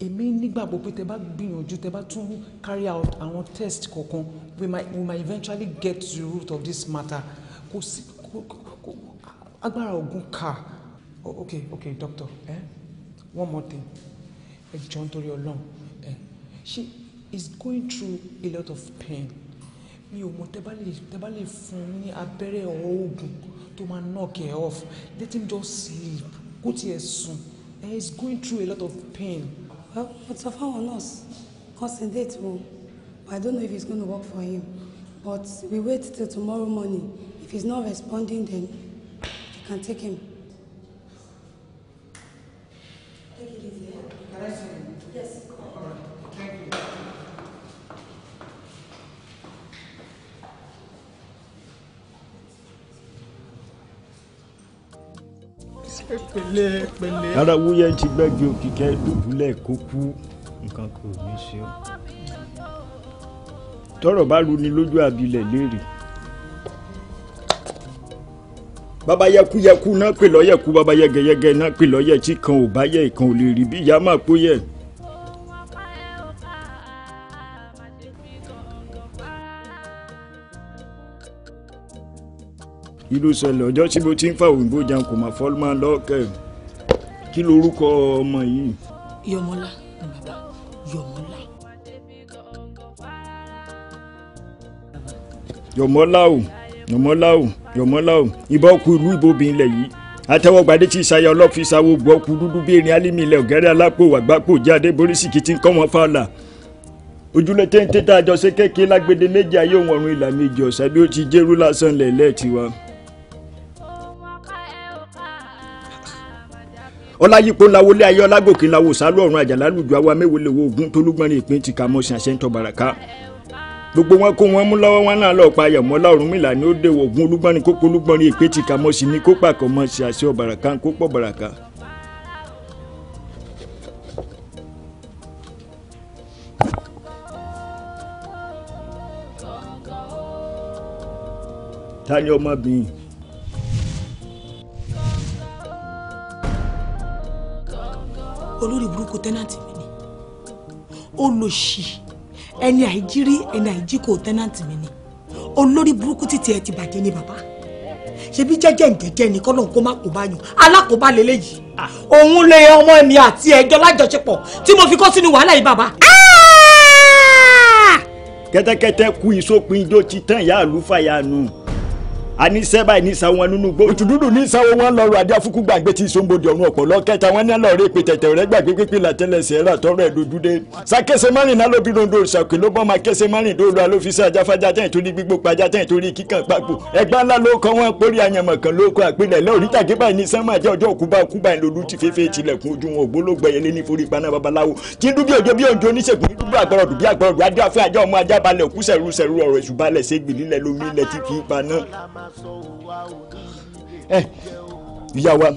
èmi nígbàgbọ́ pé tẹ bá gbìyànjú tẹ bá tún carry out àwọn test kọ̀ọ̀kan we might we might eventually get to the root of this matter kò sí kò kò agbára ògùn kà ok ok doctor. Eh? one more thing ẹ jọ nítorí Ọlọ́run ẹ she is going through a lot of pain mi ò mọ tẹ́bá lè tẹ́bá lè fún ní oògùn tó máa knock her off let him just sleep kó tiẹ̀ sùn he is going through a lot of pain. well but of our loss concentrate o oh, i don't know if it's gonna work for him but we wait till tomorrow morning if he's not responding then we can take him. pẹ̀lẹ́ pẹ̀lẹ́. ara wúyẹ́ ti gbẹ́gi òkìkẹ́ dùbúlẹ̀ kó kú. nǹkan kò ní ṣe o. tọ́rọ̀ bá runi lójú àbílẹ̀ léèrè. bàbá yẹkuyẹku náà pè lọ́yẹ̀kú bàbá yẹgẹyẹgẹ náà pè lọ́yẹ̀ tí kan ò bá yẹ ìkan ò lè rí bí ìyá máa pó yẹ̀. kí ló ṣẹlẹ̀ ọjọ́ tí mo ti ń fa òyìnbó jan kò mà fọ́lùmọ́ lọ́kẹ́ kí lorúkọ ọmọ yìí. Yọmọlá ni bàbá Yọmọlá. Yọmọlá o Yọmọlá o Yọmọlá o ìbọn kú ìlú ìbòbìn ilẹ̀ yìí àtẹwọgbàdé tí ìsayà ọlọ́fíìsà wo gbọ́ dúdú bí erin alímì ilẹ̀ ọ̀gẹ́rẹ́ alápò àgbápò jáde borísìkì tí ń kọ́ wọn fàlà ojúlé téńté tá a jọ ṣe kékeré lágbèdè ayé òun ọ̀run ìlà ọ̀sẹ̀ bí ó ti jẹ́rú lásán lẹ̀lẹ́ tiwa. ọláyípo lawolé ayé ọlágòkè lawo sálọ ọrùn àjàlá lùjọ awa mẹwẹlẹ wo ogun tólúgbọnrin ìpín ti kàmọ ṣàṣẹ ńtọ baraka gbogbo wọn kó wọn mú lọ́wọ́ wọn náà lọọ pa àyàmọlá Ọ̀rúnmìlà ni ó dé ogun olúgbọnrin kókó olúgbọnrin ìpín ti kàmọ sí ni kó pàkọ mọ ṣàṣẹ ọbàràká kó pọ baraka. ta ni ọmọbìnrin olórí burúkú tẹ́nàntì mi ni olóṣì ẹni àìjírí ẹni àìjíkò tẹ́nàntì mi ni olórí burúkú títí ẹ ti bàjẹ́ ni bàbá ṣebí jẹ́jẹ́ ǹjẹ́jẹ́ ni kọ́lọ́n kó má kó bá yàn alákòóbá lélẹ́yìí òun lè ọmọ mi àti ẹjọ́ lájọṣepọ̀ tí mo fi kó sínú wàhálà yìí bàbá. kẹ́tẹ́kẹ́tẹ́ kú ìsopin ijó ti tán ìyá àlùfáà yanu àní sẹ́bà ní ìsàwọn nínú gbó. òtútù ní ìsàwọn wọn lọrọ adé afúkú gbàgbé tí ìsòmbodè ọ̀run ọ̀pọ̀lọ́ kẹta wọn ní àlọ́ rẹ pé tẹ̀tẹ̀ rẹ gbàgbé pípé làtẹ́lẹsẹ̀ rà tọrọ ẹ̀ lójúdé. sàkẹsẹ márùn náà lóbi rondo òrìṣàkè ló bọ́ máa kẹsẹ márùn dóòlù alófisà ajáfájá tẹ̀ torí gbígbó pajá tẹ̀ torí kíkàn papò ẹgbà ńlá ló kọ́ wọn pórí àyànmọ̀ kan ló kọ́ àpilẹ̀ lẹ́ orítàgé báyìí ní sánmà jẹ́ ọjọ́ òkú báyìí kúbà ìlòlú ti fẹ́fẹ́ tilẹ̀kùn ojú wọn ògbólógbò ẹ̀yẹlé ní forí paná babaláwo tí ń dúbí òjò bí òjò oníṣègùn ní dúdú àgbọ̀rọ̀dù bí àgbọ̀rọ̀dù adé àfẹ́ àjọ ọmọ ajá balẹ̀ òkú sẹ̀rú sẹ̀rú ọ̀rọ̀ ẹ eh, ìyá wa.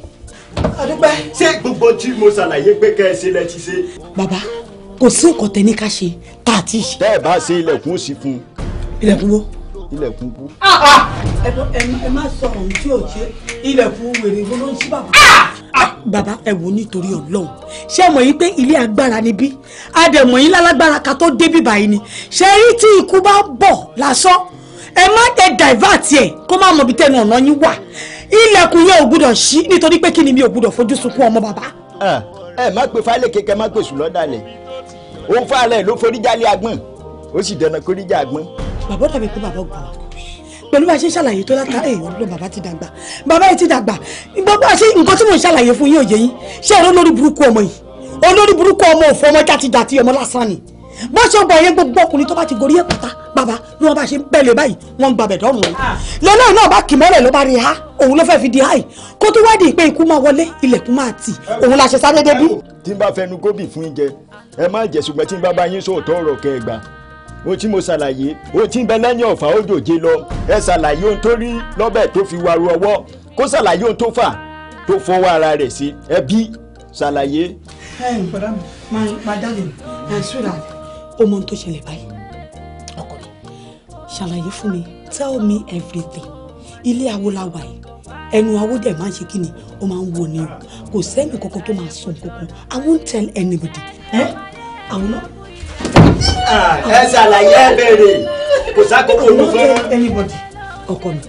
adúpẹ́. ṣé gbogbo tí mo ṣàlàyé pé kẹ́ ẹ ṣe lẹ ti ṣe. bàbá kò sí nǹkan tẹ ní ká ṣe tá a ti ṣe. tẹ́ ẹ bá ṣe ilẹ̀kùn sí fún un. ilẹ̀kùn wo. ilẹ̀kùn kú. Ah, ah! ẹ má sọ ohun tí ò ṣe ilẹ̀kùn wèrè wo ló ń ṣí bàbá. Ah! bàbá ẹ wò nítorí ọlọ́run ṣé mọ̀ yín pé ilé agbára níbí adẹ̀mọ̀ yín lálágbára ká tó débí báyìí ni ṣé rí tí ikú bá bọ̀ lásán ẹ má ẹ divert ẹ kó má mọ ibi tẹnu ọ̀nà yín wà ilẹ̀kùn yẹn ò gbúdọ̀ ṣí nítorí pé kí ni mi ò gbúdọ̀ fojú sunkún ọmọ bàbá. ẹ má pe fálẹ̀ kékeré má pe sùn lọ́dàlẹ̀ òun fálẹ̀ ló foríjàlẹ̀ agbọ̀n ó sì dẹ̀nà kóríjà agbọ̀n. bàbá dàbí pé bàbá gbọ́ pẹ̀lú bá a ṣe ṣàlàyé tó látà èèyàn ló bàbá ti dàgbà bàbá yìí ti dàgbà gbogbo àṣẹ nǹkan tí mò ń ṣàlàyé fún yín òye yín ṣé ẹ lórí burúkú ọmọ yìí olórí burúkú ọmọ òfò ọmọ játijáti ọmọ lásán ni bó ṣe ń gbọ́ yẹn gbogbo ọkùnrin tó bá ti gorí ẹ̀pọ̀ta bàbá ni wọ́n bá ṣe ń pẹ̀lẹ̀ báyìí wọ́n ń gbàbẹ̀ dọ́rùn rẹ̀ lọ́lọ́run náà bá kì mọ́lẹ̀ ló bá rí ha òun ló fẹ́ fi di háì kó tó wádìí pé ikú máa wọlé ilẹ̀kùn máa tì òun la ṣe sáré débí. tí n bá fẹnu gómìn fún jẹ ẹ má jẹ ṣùgbọ́n tí n bá bá yín sóòótọ́ ọ̀rọ̀ kẹ́ ẹ gbà mo ṣàlàyé ohun tí bẹ lẹ́yìn ọ̀fà òjòjé lọ ẹ ṣàlàyé ohun tó rí lọ́bẹ̀ tó fi waru ọwọ́ kó ṣàlàyé ohun tó fà tó fọwọ́ ara rẹ̀ sí ẹbí ṣàlàyé. ẹ ǹ bọ̀dá máa ń lè ẹ ṣúra ó mọ ohun tó ṣẹlẹ̀ báyìí ọkọ ṣàlàyé fún mi tell me everything ilé awo la wà yìí ẹnu awo dẹ̀ máa ń ṣe kíni ó máa ń wo ni o kò sẹ́ni kankan tó máa sọ kankan i won't tell anybody ẹ àwọn náà. ẹ ṣàlàyé ẹ kò sákòókò ló fẹ́. ọkọ mi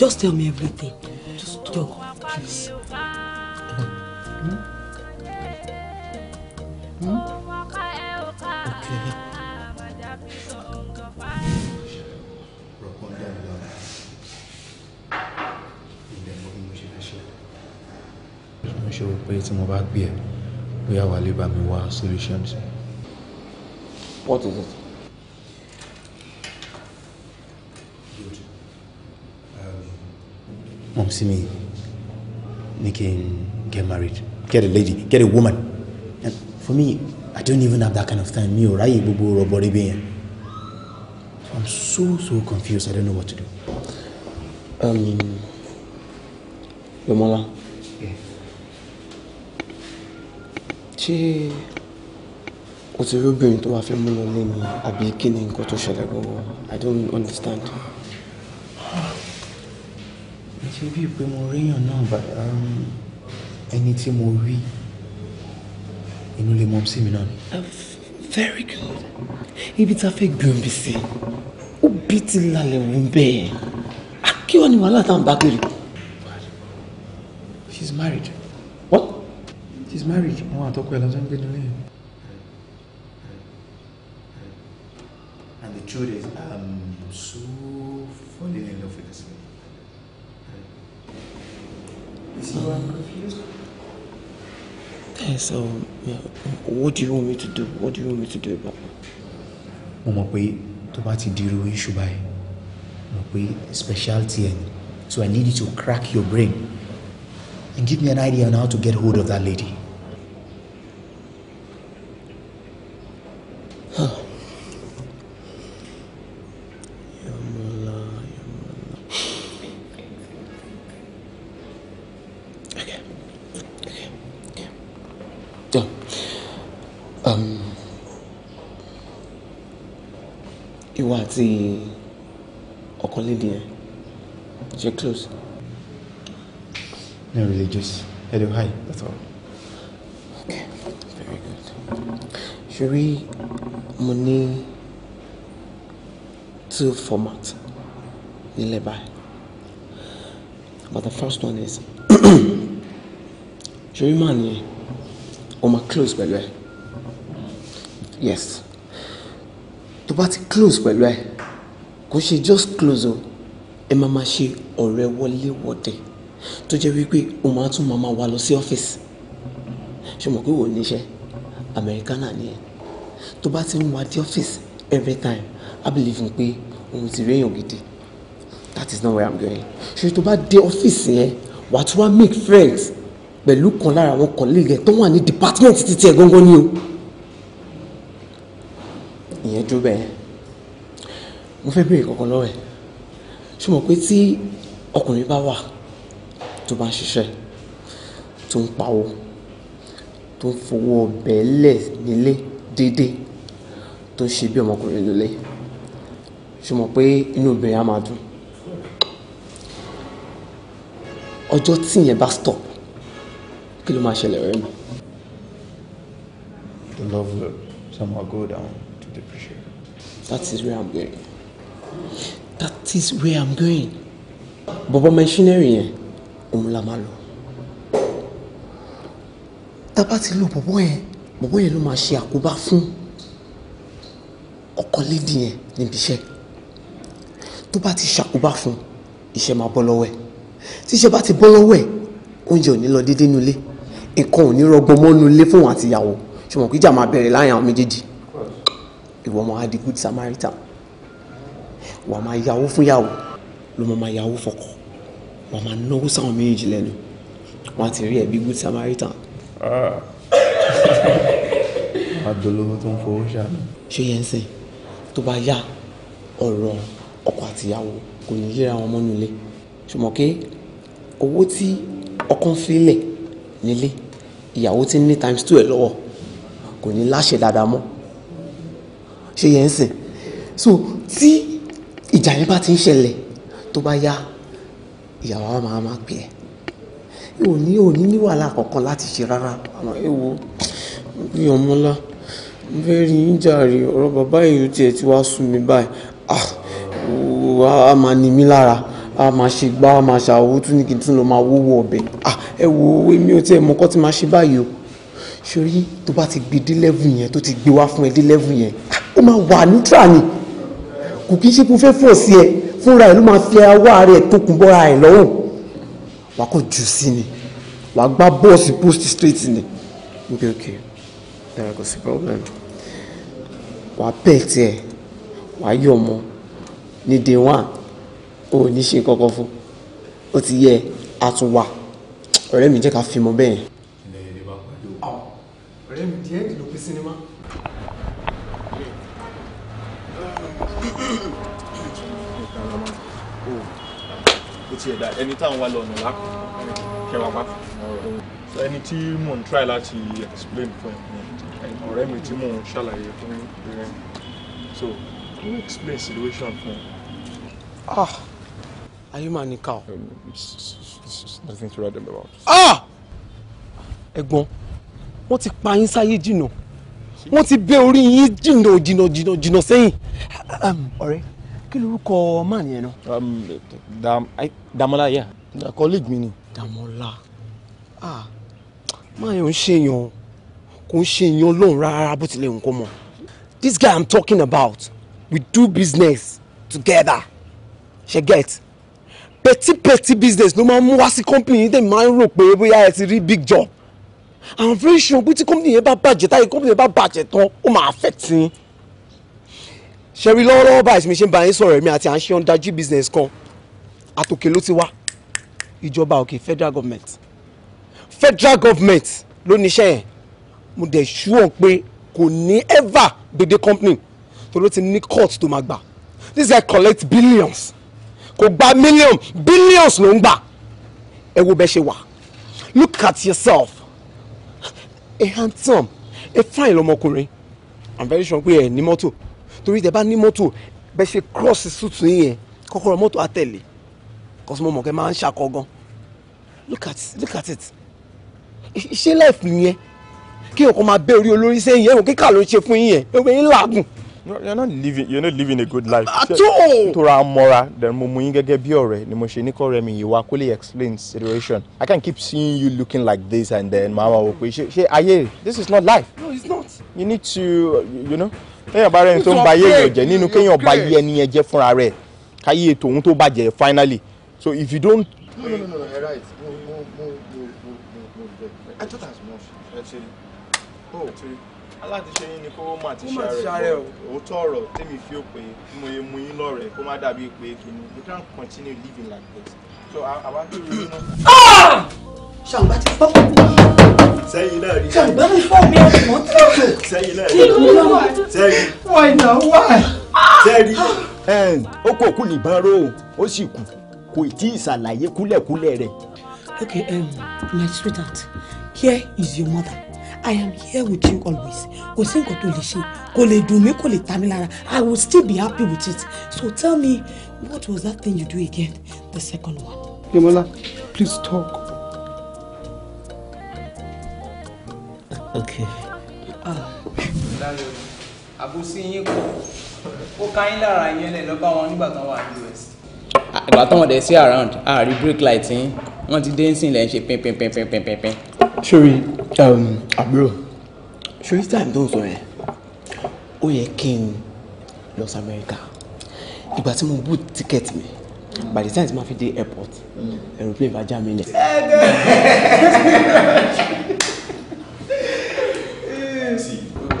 just tell me everything just talk please. tí mo bá pè ẹ́ bóyá wàá lè bá mi wá solution sí. What is it? Mom, see me. Nikin, get married. Get a lady. Get a woman. And for me, I don't even have that kind of time. Mi ò ráyè gbogbo rọ̀bọ̀ rí bẹ́yẹn. So I'm so so confused. I don't know what to do. Um, Yomola. ṣé o ti rí obìnrin tó wá fẹ́ mú lọ lé mi àbí kí ni nǹkan tó ṣẹlẹ̀ gbọ́wọ́ I don't understand. ṣé bíi pé mo ríyàn náà bá um, ẹni tí mo rí inú lè mọ sí mi náà ni. very good ibi tá a fẹ́ gbìyànjú sí ó bí ti lálẹ́ wù bẹ́ẹ̀ ah, kí wọ́n ní wàhálà táwọn bá kiri. she's married she's marriage wọn àtọkọ ẹ̀ lọ́jọ́ ń gbé nílé. and the truth is um, so falling in love with this man. Is he one confused? Eh, so yeah, what do you want me to do? What do you want me to do about it? Mo mọ̀ pé tó bá ti dirú iṣu báyìí, mo mọ̀ pé specialty ẹ̀ So I need you to crack your brain and give me an idea on how to get hold of that lady. your clothes? No religious. Hello, hi, that's all. Okay, very good. Shuri, we ní two formats nílẹ̀ báyìí. But the first one is [clears throat] we money? ní my clothes? By the way. Yes. Tó bá ti close pẹ̀lú ẹ̀, kò ṣe just close Oh ẹ máa máa ṣe ọ̀rẹ́ wọléwọ̀dẹ̀ tó jẹ́ wípé o máa tún máa máa wá lọ sí ọ́fíìsì ṣe mọ̀ pé wò níṣẹ́ amẹ́ríkánà ni ẹ tó bá ti ń wá dé ọ́fíìsì every time I believe in pé òun ti rí èèyàn gidi that is not where I'm going ṣe tó bá dé ọ́fíìsì yẹn wà á tún wá make friends pẹ̀lú kan lára àwọn colleague tó wà ní department títí ẹ̀ gángan ni o ìyẹn dúró bẹ́ẹ̀ mo fẹ́ béèrè kankan lọ́wọ́ ẹ̀ ṣé pé tí ọkùnrin bá wà tó bá ń ṣiṣẹ́ tó ń pawó tó ń fowó ọbẹ̀ lẹ̀ nílé déédéé tó ń ṣe bí ọmọkùnrin lólé ṣé pé inú obìnrin á máa dùn ọjọ́ tí ìyẹn bá stop kí ló máa ṣẹlẹ̀ rẹ̀ mi. The love will somehow go down to depreciate. That is where I'm going is where I'm going. bọ̀bọ̀ machinery yẹn òun la máa lọ. tá a bá ti lo bọ̀bọ̀ yẹn bọ̀bọ̀ yẹn ló máa ṣe àkóbá fún ọkọ lédi yẹn níbi iṣẹ́ tó bá ti ṣàkóbá fún iṣẹ́ máa bọ́ lọ́wọ́ ẹ̀ tí iṣẹ́ bá ti bọ́ lọ́wọ́ ẹ̀ oúnjẹ ò ní lọ déédéé nulẹ̀ nǹkan ò ní rọgbọ mọ́nu ilé fún àtìyàwó ṣùgbọ́n kí ìjà máa bẹ̀rẹ̀ láàrin àwọn méjèèjì ìwọ ọmọ adi good samaritan wà máa yàwó fún yàwó ló máa máa yàwó fọkọ wà máa náwó sáwọn méjì lẹ́nu wọn àti rí ẹbí good samaritan. adolówó ah. [laughs] tó ń fowó ṣàánú. ṣé yẹn ń sìn tó bá yá ọ̀rọ̀ ọkọ àtìyàwó kò ní yíra wọn mọ́nú ilé ṣùgbọ́n pé owó tí ọkọ filẹ̀ nílé ìyàwó tí ń ní times two ẹ̀ lọ́wọ́ kò ní láṣẹ dáadáa mọ́ ṣé yẹn ń sìn so tí ìjà yẹn bá ti ń ṣẹlẹ̀ tó bá yá ìyàwó wa máa máa pè ẹ́ ò ní ò ní ní wàhálà kankan láti ṣe rárá àmọ́ ẹ wo bí ọmọlá mo fẹ́ rí yín jàre ọ̀rọ̀ bàbá ìlú tiẹ̀ ti wá sùn mí báyìí a ah, máa ní mí lára a máa ṣe gbá a máa ṣàwó tún ní kí n tún lọ máa wówó ọbẹ̀ ah, ẹ wo èmi ò tiẹ̀ mọ̀ kọ́ ti máa ṣe báyìí o ṣorí tó bá ti gbé dé yẹn tó ti gbé wá fún ẹ dé yẹn ah, ó máa wà neutral ni kò kí ṣe kó fẹ́ fọ̀ sí ẹ fúnra ẹ ló máa fi awá rẹ tó kún bọ́ra ẹ lọ́rùn wàá kò jù sí ni wàá gbá bọ́ọ̀sì post straight ni níbi òkè ẹ̀rọ kò sí problem wàá pẹ̀ tiẹ̀ wàá yọ̀ ọmọ ní day one ò ní ṣe kankan fún ó ti yẹ àtúnwà ọ̀rẹ́ mi jẹ́ ká fi mọ bẹ́ẹ̀. o ọ̀rẹ́ mi díẹ̀ ló pín sinimá. ó ti so ẹni tí mò ń try explain fún ẹ ọ̀rẹ́ mi tí mò ń ṣàlàyé so can you explain situation fún ẹ. ah ayé máa ní ká o. Um, nothing to write them about. ah ẹ̀gbọ́n wọ́n ti pa yín sáyé jìnnà wọ́n ti bẹ́ orí yín jìnnà jìnnà jìnnà jìnnà sẹ́yìn. Um, ọ̀rẹ́ kí lorúkọ máà nìyẹn náà. Um, Damola yà colleague mi ni. Damola ah máa yàn ń ṣèyàn kò ń ṣèyàn lóhùn rárá bó tilẹ̀ nǹkan mọ̀ this guy i'm talking about we do business together she get petty petty business ló máa ń mú wá sí company yìí tẹ̀ máa ń rò pé bóyá ẹ ti rí big job i'm very sure pé tí company yẹn bá bàjẹ́ táyé company yẹn bá bàjẹ́ tán ó máa affect yín. ṣẹ́rí lọ́wọ́lọ́wọ́ báyìí mi ṣe ń ba yín sọ̀rọ̀ mi àti à ń ṣe under g business kan àtòkè ló ti wá ìjọba òkè federal government federal government ló níṣẹ́ yẹn mo dẹ̀ ṣúọ̀ pé kò ní ever gbèdé company tó ló ti ní court tó máa gbà this guy collect billions kò gba million billions ló ń gbà ẹ wo bẹ́ẹ̀ ṣe wà look at yourself A handsome a fine lọmọkùnrin i'm very sure pé ẹ ní mọ́tò torí tẹ bá ní mọ́tò bẹ́ẹ̀ ṣe cross suit yẹn kọ́kọ́rọ́ mọ́tò á tẹ̀lé cause mo mọ̀ kẹ́ máa ń ṣàkọ gan look at look at it ṣé life nìyẹn kí ọkọ máa bẹ orí olórí sẹ́yìn ẹ̀rùn kíkà ló ń ṣe fún yín yẹn ẹ̀rùn yín làágùn you're not living you're not living a good life. at all. tora Mora, then mo mú yín gẹ́gẹ́ bí ni mo ṣe ní kọ́ rẹ̀ mi yìí explain situation i can't keep seeing you looking like this and then Mama wò pé ṣe ṣe ayé this is not life. no it's not. you need to you know kéèyàn bara rẹni tó ń ba ayé èèyàn jẹ́ nínú kéèyàn ba ayé ẹni yẹn jẹ́ fúnra rẹ̀ káyé tòun tó bàjẹ́ finally so if you don't. no no no ẹ right mo mo mo mo mo mo I thought as much ẹ ti rí aláàtìṣe yín ni kó má ti ṣàrẹ òótọ́ ọ̀rọ̀ tèmi fi ó pé mo yẹ mu yín lọ́rẹ̀ẹ́ kó má dàbí pé kìíní we can't continue living like this so àwa tó rí iná. ṣàǹgbá ti fọ́ sẹ́yìn náà rí ṣàǹgbá mi fọ́ mi ọ̀sẹ̀ mọ́ tẹ̀lé sẹ́yìn náà rí sẹ́yìn wọ́n iná wá sẹ́yìn. ó kò kú nìbọn ró ó sì kú kò tí ì ṣàlàyé kúlẹ̀kúlẹ̀ rẹ̀. okay um, my read that here is your mother. I am here with you always. Kò sí nǹkan tó lè ṣe, kò lè dùn mí, kò lè ta mí lára. I will still be happy with it. So tell me, what was that thing you do again? The second one. Demola, please talk. Okay. Abusi ah. yín kò, ó ká yín yẹn lẹ̀ lọ́ bá wọn nígbà tán wà ní US ìgbà tó wọn dẹ̀ sí around àárí break light yín wọ́n ti dé ń sìn lẹ́ ń ṣe pínpínpínpínpínpín. sori um, àbúrò sori time tó ń sọ yẹn ó yẹ kí n lọ sí America. ìgbà tí mo book ticket mi by the time tí ma fi dé airport aeroplane bá já mi lẹ̀.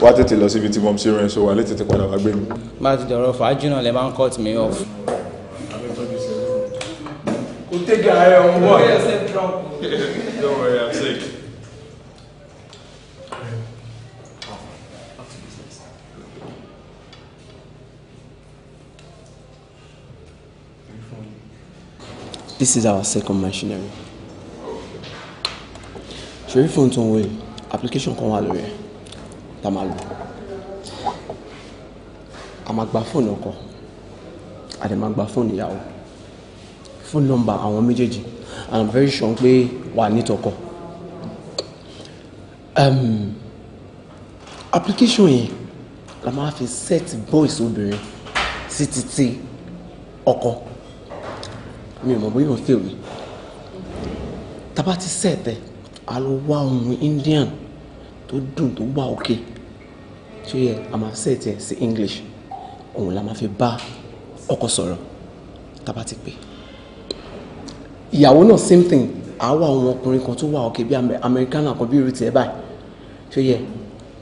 wá tètè lọ síbi tí mo ń ṣe rẹ̀ ṣọ wà létí ti padà wá gbé mi. bá a ti dọ̀rọ̀ fàájì náà lè máa ń cut me off. We'll take your eye on what? [laughs] Don't worry, I'm sick. This is our second machinery. Ṣeré fún tó ń application kan wà lórí ẹ̀ tá a máa lò. A máa gba fóònù ọkọ, a dẹ̀ máa gba fóònù ìyàwó phone number àwọn méjèèjì i'm very sure pé wà nítọkọ application yẹn la máa fi set boys obìnrin sí títí ọkọ mi ò mọ̀ bóyá ò ń fẹ́ ti set ẹ̀ a lọ wá ohun indian tó dùn tó wà òkè tó yẹ a máa set ẹ̀ sí english òun la máa fi bá ọkọ sọ̀rọ̀ tábà ti pè é ìyàwó náà same thing àwa àwọn ọkùnrin kan tó wà òkè bí americana kan bí irú tiẹ̀ báyìí ṣó yẹ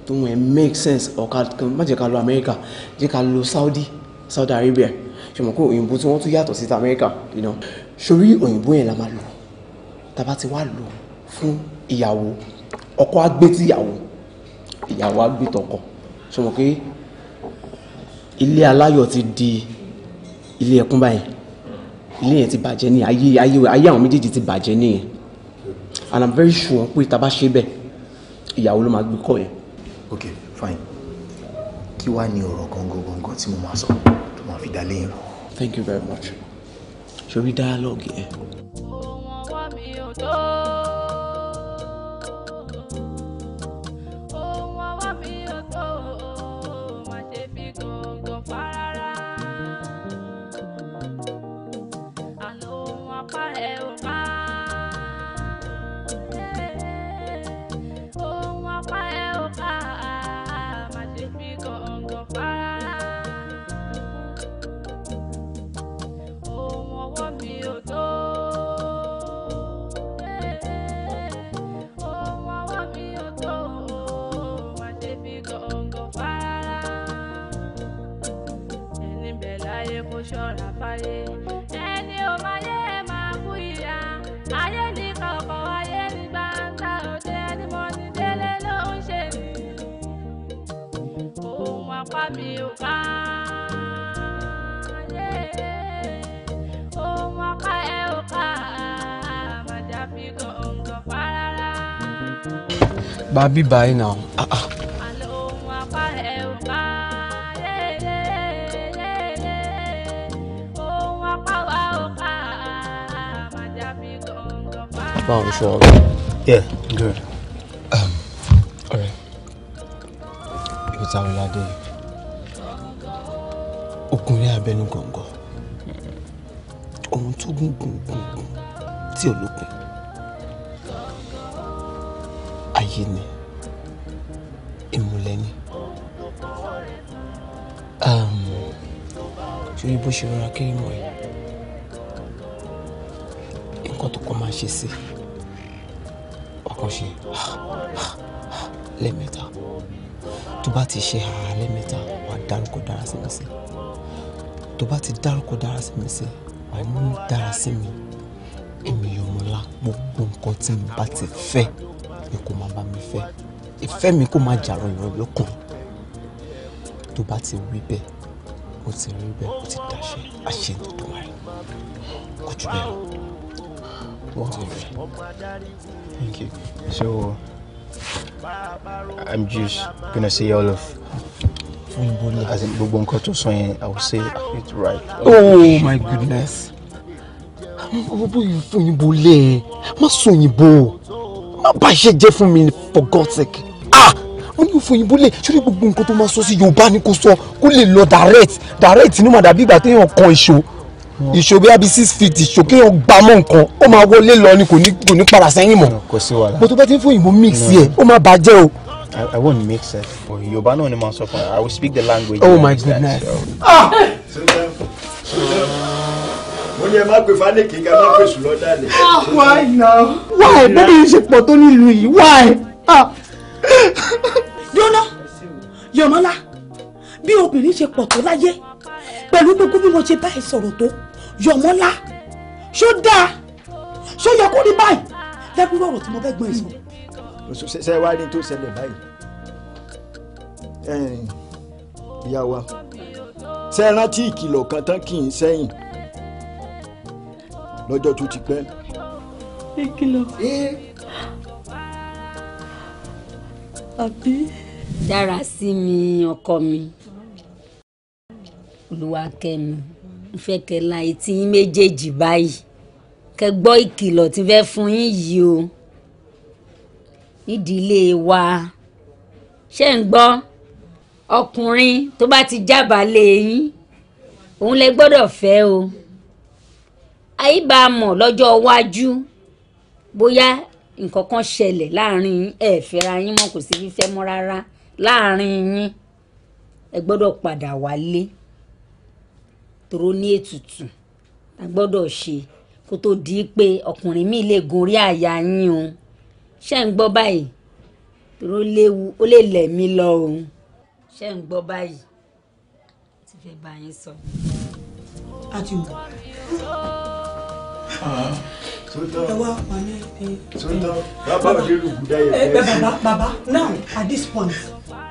tó wọn ẹ make sense ọ̀ka má jẹ́ ká lọ america jẹ́ ká lọ saudi saudi arabia ṣe mọ̀ pé òyìnbó tí wọ́n tún yàtọ̀ sí ti america you know ṣorí òyìnbó yẹn la máa lò tàbá ti wá lò fún ìyàwó ọkọ á gbé tíyàwó ìyàwó á tọkọ ṣe mọ̀ ilé aláyọ̀ ti di ilé ẹkún báyìí ilé yẹn ti bàjẹ́ ní ayé ayé ayé àwọn méjèèjì ti bàjẹ́ nìyẹn and i'm very sure pé tá bá ṣe bẹ́ẹ̀ ìyàwó ló máa gbé kọ́ yẹn. ok fine kí wàá ní ọ̀rọ̀ gangan gangan tí mo máa sọ tó máa fi dá lẹ́yìn lọ. thank you very much ṣorí dialogue yẹn. ohun wá mi ò tó. bàbá bíbá yìí náà. Báwo ni sure. Yeah, good. Um, all right. Ibi táwọn ládé yìí. Okùnrin abẹnú gọ̀ǹgọ̀. Ohun tó gùn gùn gùn gùn tí ò lópin. rí bó ṣe rọra kéré mọ́ ẹ nǹkan tó kọ́ máa ṣe sí ọkàn ṣe lẹ́ẹ̀mẹ́ta tó bá ti ṣe àhà lẹ́ẹ̀mẹ́ta wà á dárúkọ dára sí mi sí tó bá ti dárúkọ dára sí mi sí wà á ní dára sí mi èmi Ọmọlá gbogbo nǹkan tí mo bá ti fẹ́ ni kò máa bá mi fẹ́ ìfẹ́ mi kò máa jà rọ̀yọ̀rọ̀ lọ́kàn tó bá ti wí bẹ́ẹ̀ ó ti rí bẹ́ẹ̀ ó ti dàṣẹ àṣetùmọ̀ kò jù bẹ́ẹ̀ wọ́n ti rí. Thank you. So I'm just gonna say all of as in gbogbo nǹkan tó sọ yẹn I will say it right. Oh my goodness. Owó yìí fún òyìnbó lé má sọ òyìnbó má bàa jẹ́ fún mi for God's sake ó ní òfòyìnbó lè sórí gbogbo nǹkan tó máa sọ sí yorùbá ni kò sọ kó lè lọ direct direct ní màdà bí ìgbà téèyàn kan ìṣó ìṣó bí abi six feet ìṣó kéèyàn gbá mọ́ nǹkan ó máa wọlé lọ ni kò ní kò ní padà sẹ́yìn mọ́ bó tó bá ti ń fòyìnbó mix yẹ ó máa bàjẹ́ o. I, I won't mix it. Yorùbá náà ni màá sọ fún ẹ. I will speak the language. Oh my goodness. Ah! mo ní ẹ má pè fáníkì ká má pè sùn lọ́dà ah, why now. why bẹ́ẹ̀ ni ṣe pọ̀ tó nílùú yìí why. Ah dúró yọmọlá bí obìnrin ṣe pọ̀ tó láyé pẹ̀lú gbogbo bí mo ṣe bá ẹ sọ̀rọ̀ tó yọmọlá ṣó dáa ṣó yẹ kó rí báyìí lẹ́gbẹ̀rún ọ̀rọ̀ tí mo fẹ́ gbọ́n ẹ sọ. ṣe wá ní tó ṣẹlẹ̀ báyìí ìyá wa ṣe rántí ìkìlọ̀ kan tán kì í sẹ́yìn lọ́jọ́ tó ti pẹ́. ìkìlọ̀. àbí. dára sí mi ọkọ mi olùwàkẹ́mi ìfẹ́ kẹla etí yín méjèèjì báyìí kẹ gbọ́ ìkìlọ̀ tí fẹ́ fún yín yìí o nídìílé wa ṣé ń gbọ́ ọkùnrin tó bá ti jábàálẹ̀ yín òun lẹ gbọ́dọ̀ fẹ́ o àyíbámọ̀ lọ́jọ́ iwájú bóyá nǹkan kan ṣẹlẹ̀ láàrin yín ẹ fẹ́ra yín mọ́ kò sí fífẹ́ mọ́ rárá láàrin yín ẹ gbọ́dọ̀ padà wálé tòró ní ètùtù a gbọ́dọ̀ ṣe kó tó di pé ọkùnrin míì lè gun àyà yín o ṣé ń gbọ́ báyìí tòró léwu ó lè lẹ̀mí lọ o ṣé ń gbọ́ báyìí ti fẹ́ bá yín sọ. àti òun. Baba, now at this point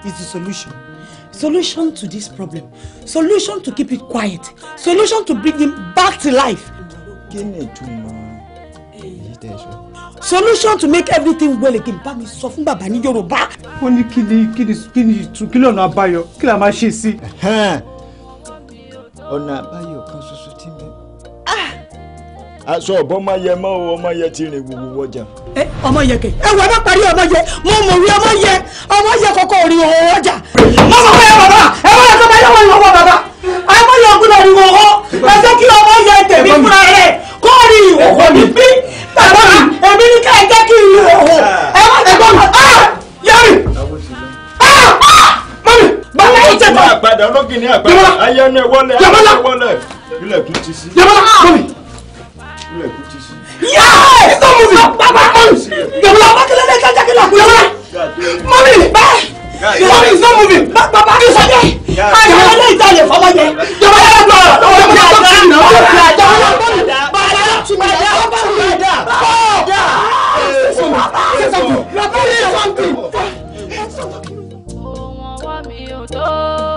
is the solution solution to this problem solution to keep it quiet solution to bring him back to life. solution to make everything well again bá So sọ fún bàbá ní yorùbá. ó ní kí ni kí ni kí ni ìtú kí lọ́nà àbáyọ kí la máa ṣe sí. ọ̀nà aṣọ ọ̀bọ ọmọ yẹ mọ́ o ọmọ yẹ ti rìn wùwù wọjà. ẹ ọmọ yẹ kẹ ẹ wọ ẹ bá parí ọmọ yẹ mo mọ orí ọmọ yẹ ọmọ yẹ kọkọ orí ọwọ ọjà mo sọ pé ẹ bàbá ẹ bá yẹ kọ́ bá yẹ wọ ìwọ bàbá àìmọ yẹ ọgbọ́n orí ọwọ ẹ jẹ́ kí ọmọ yẹ tèmi fúnra rẹ kó rí ìwòkọ mi bí bàbá èmi ní ká ẹ jẹ́ kí ìwòkọ ah. ẹ wá ẹ gbọ́n yẹrì mami bàbá yìí tẹ̀ tọ́. àgbàdo ọlọ́gìn ní àgbàdo ayé ẹni wọlé ayé ẹni wọlé ilẹ̀kùn ti sí. yabala mami yaayi sọ mu sọ papa jọbọlọ ọba kele ne ka jakila jọbọlọ mami bẹ mami sọ mu bi papa ti sọ dẹ a yàrá ne ta le fọwọ́ jẹ jọbọlọ yẹrẹ bọ jọbọlọ yẹrẹ bọ jọbọlọ yẹrẹ bọ bala tumada tumada tumada papa ti sọ mu papa ti sọ mu.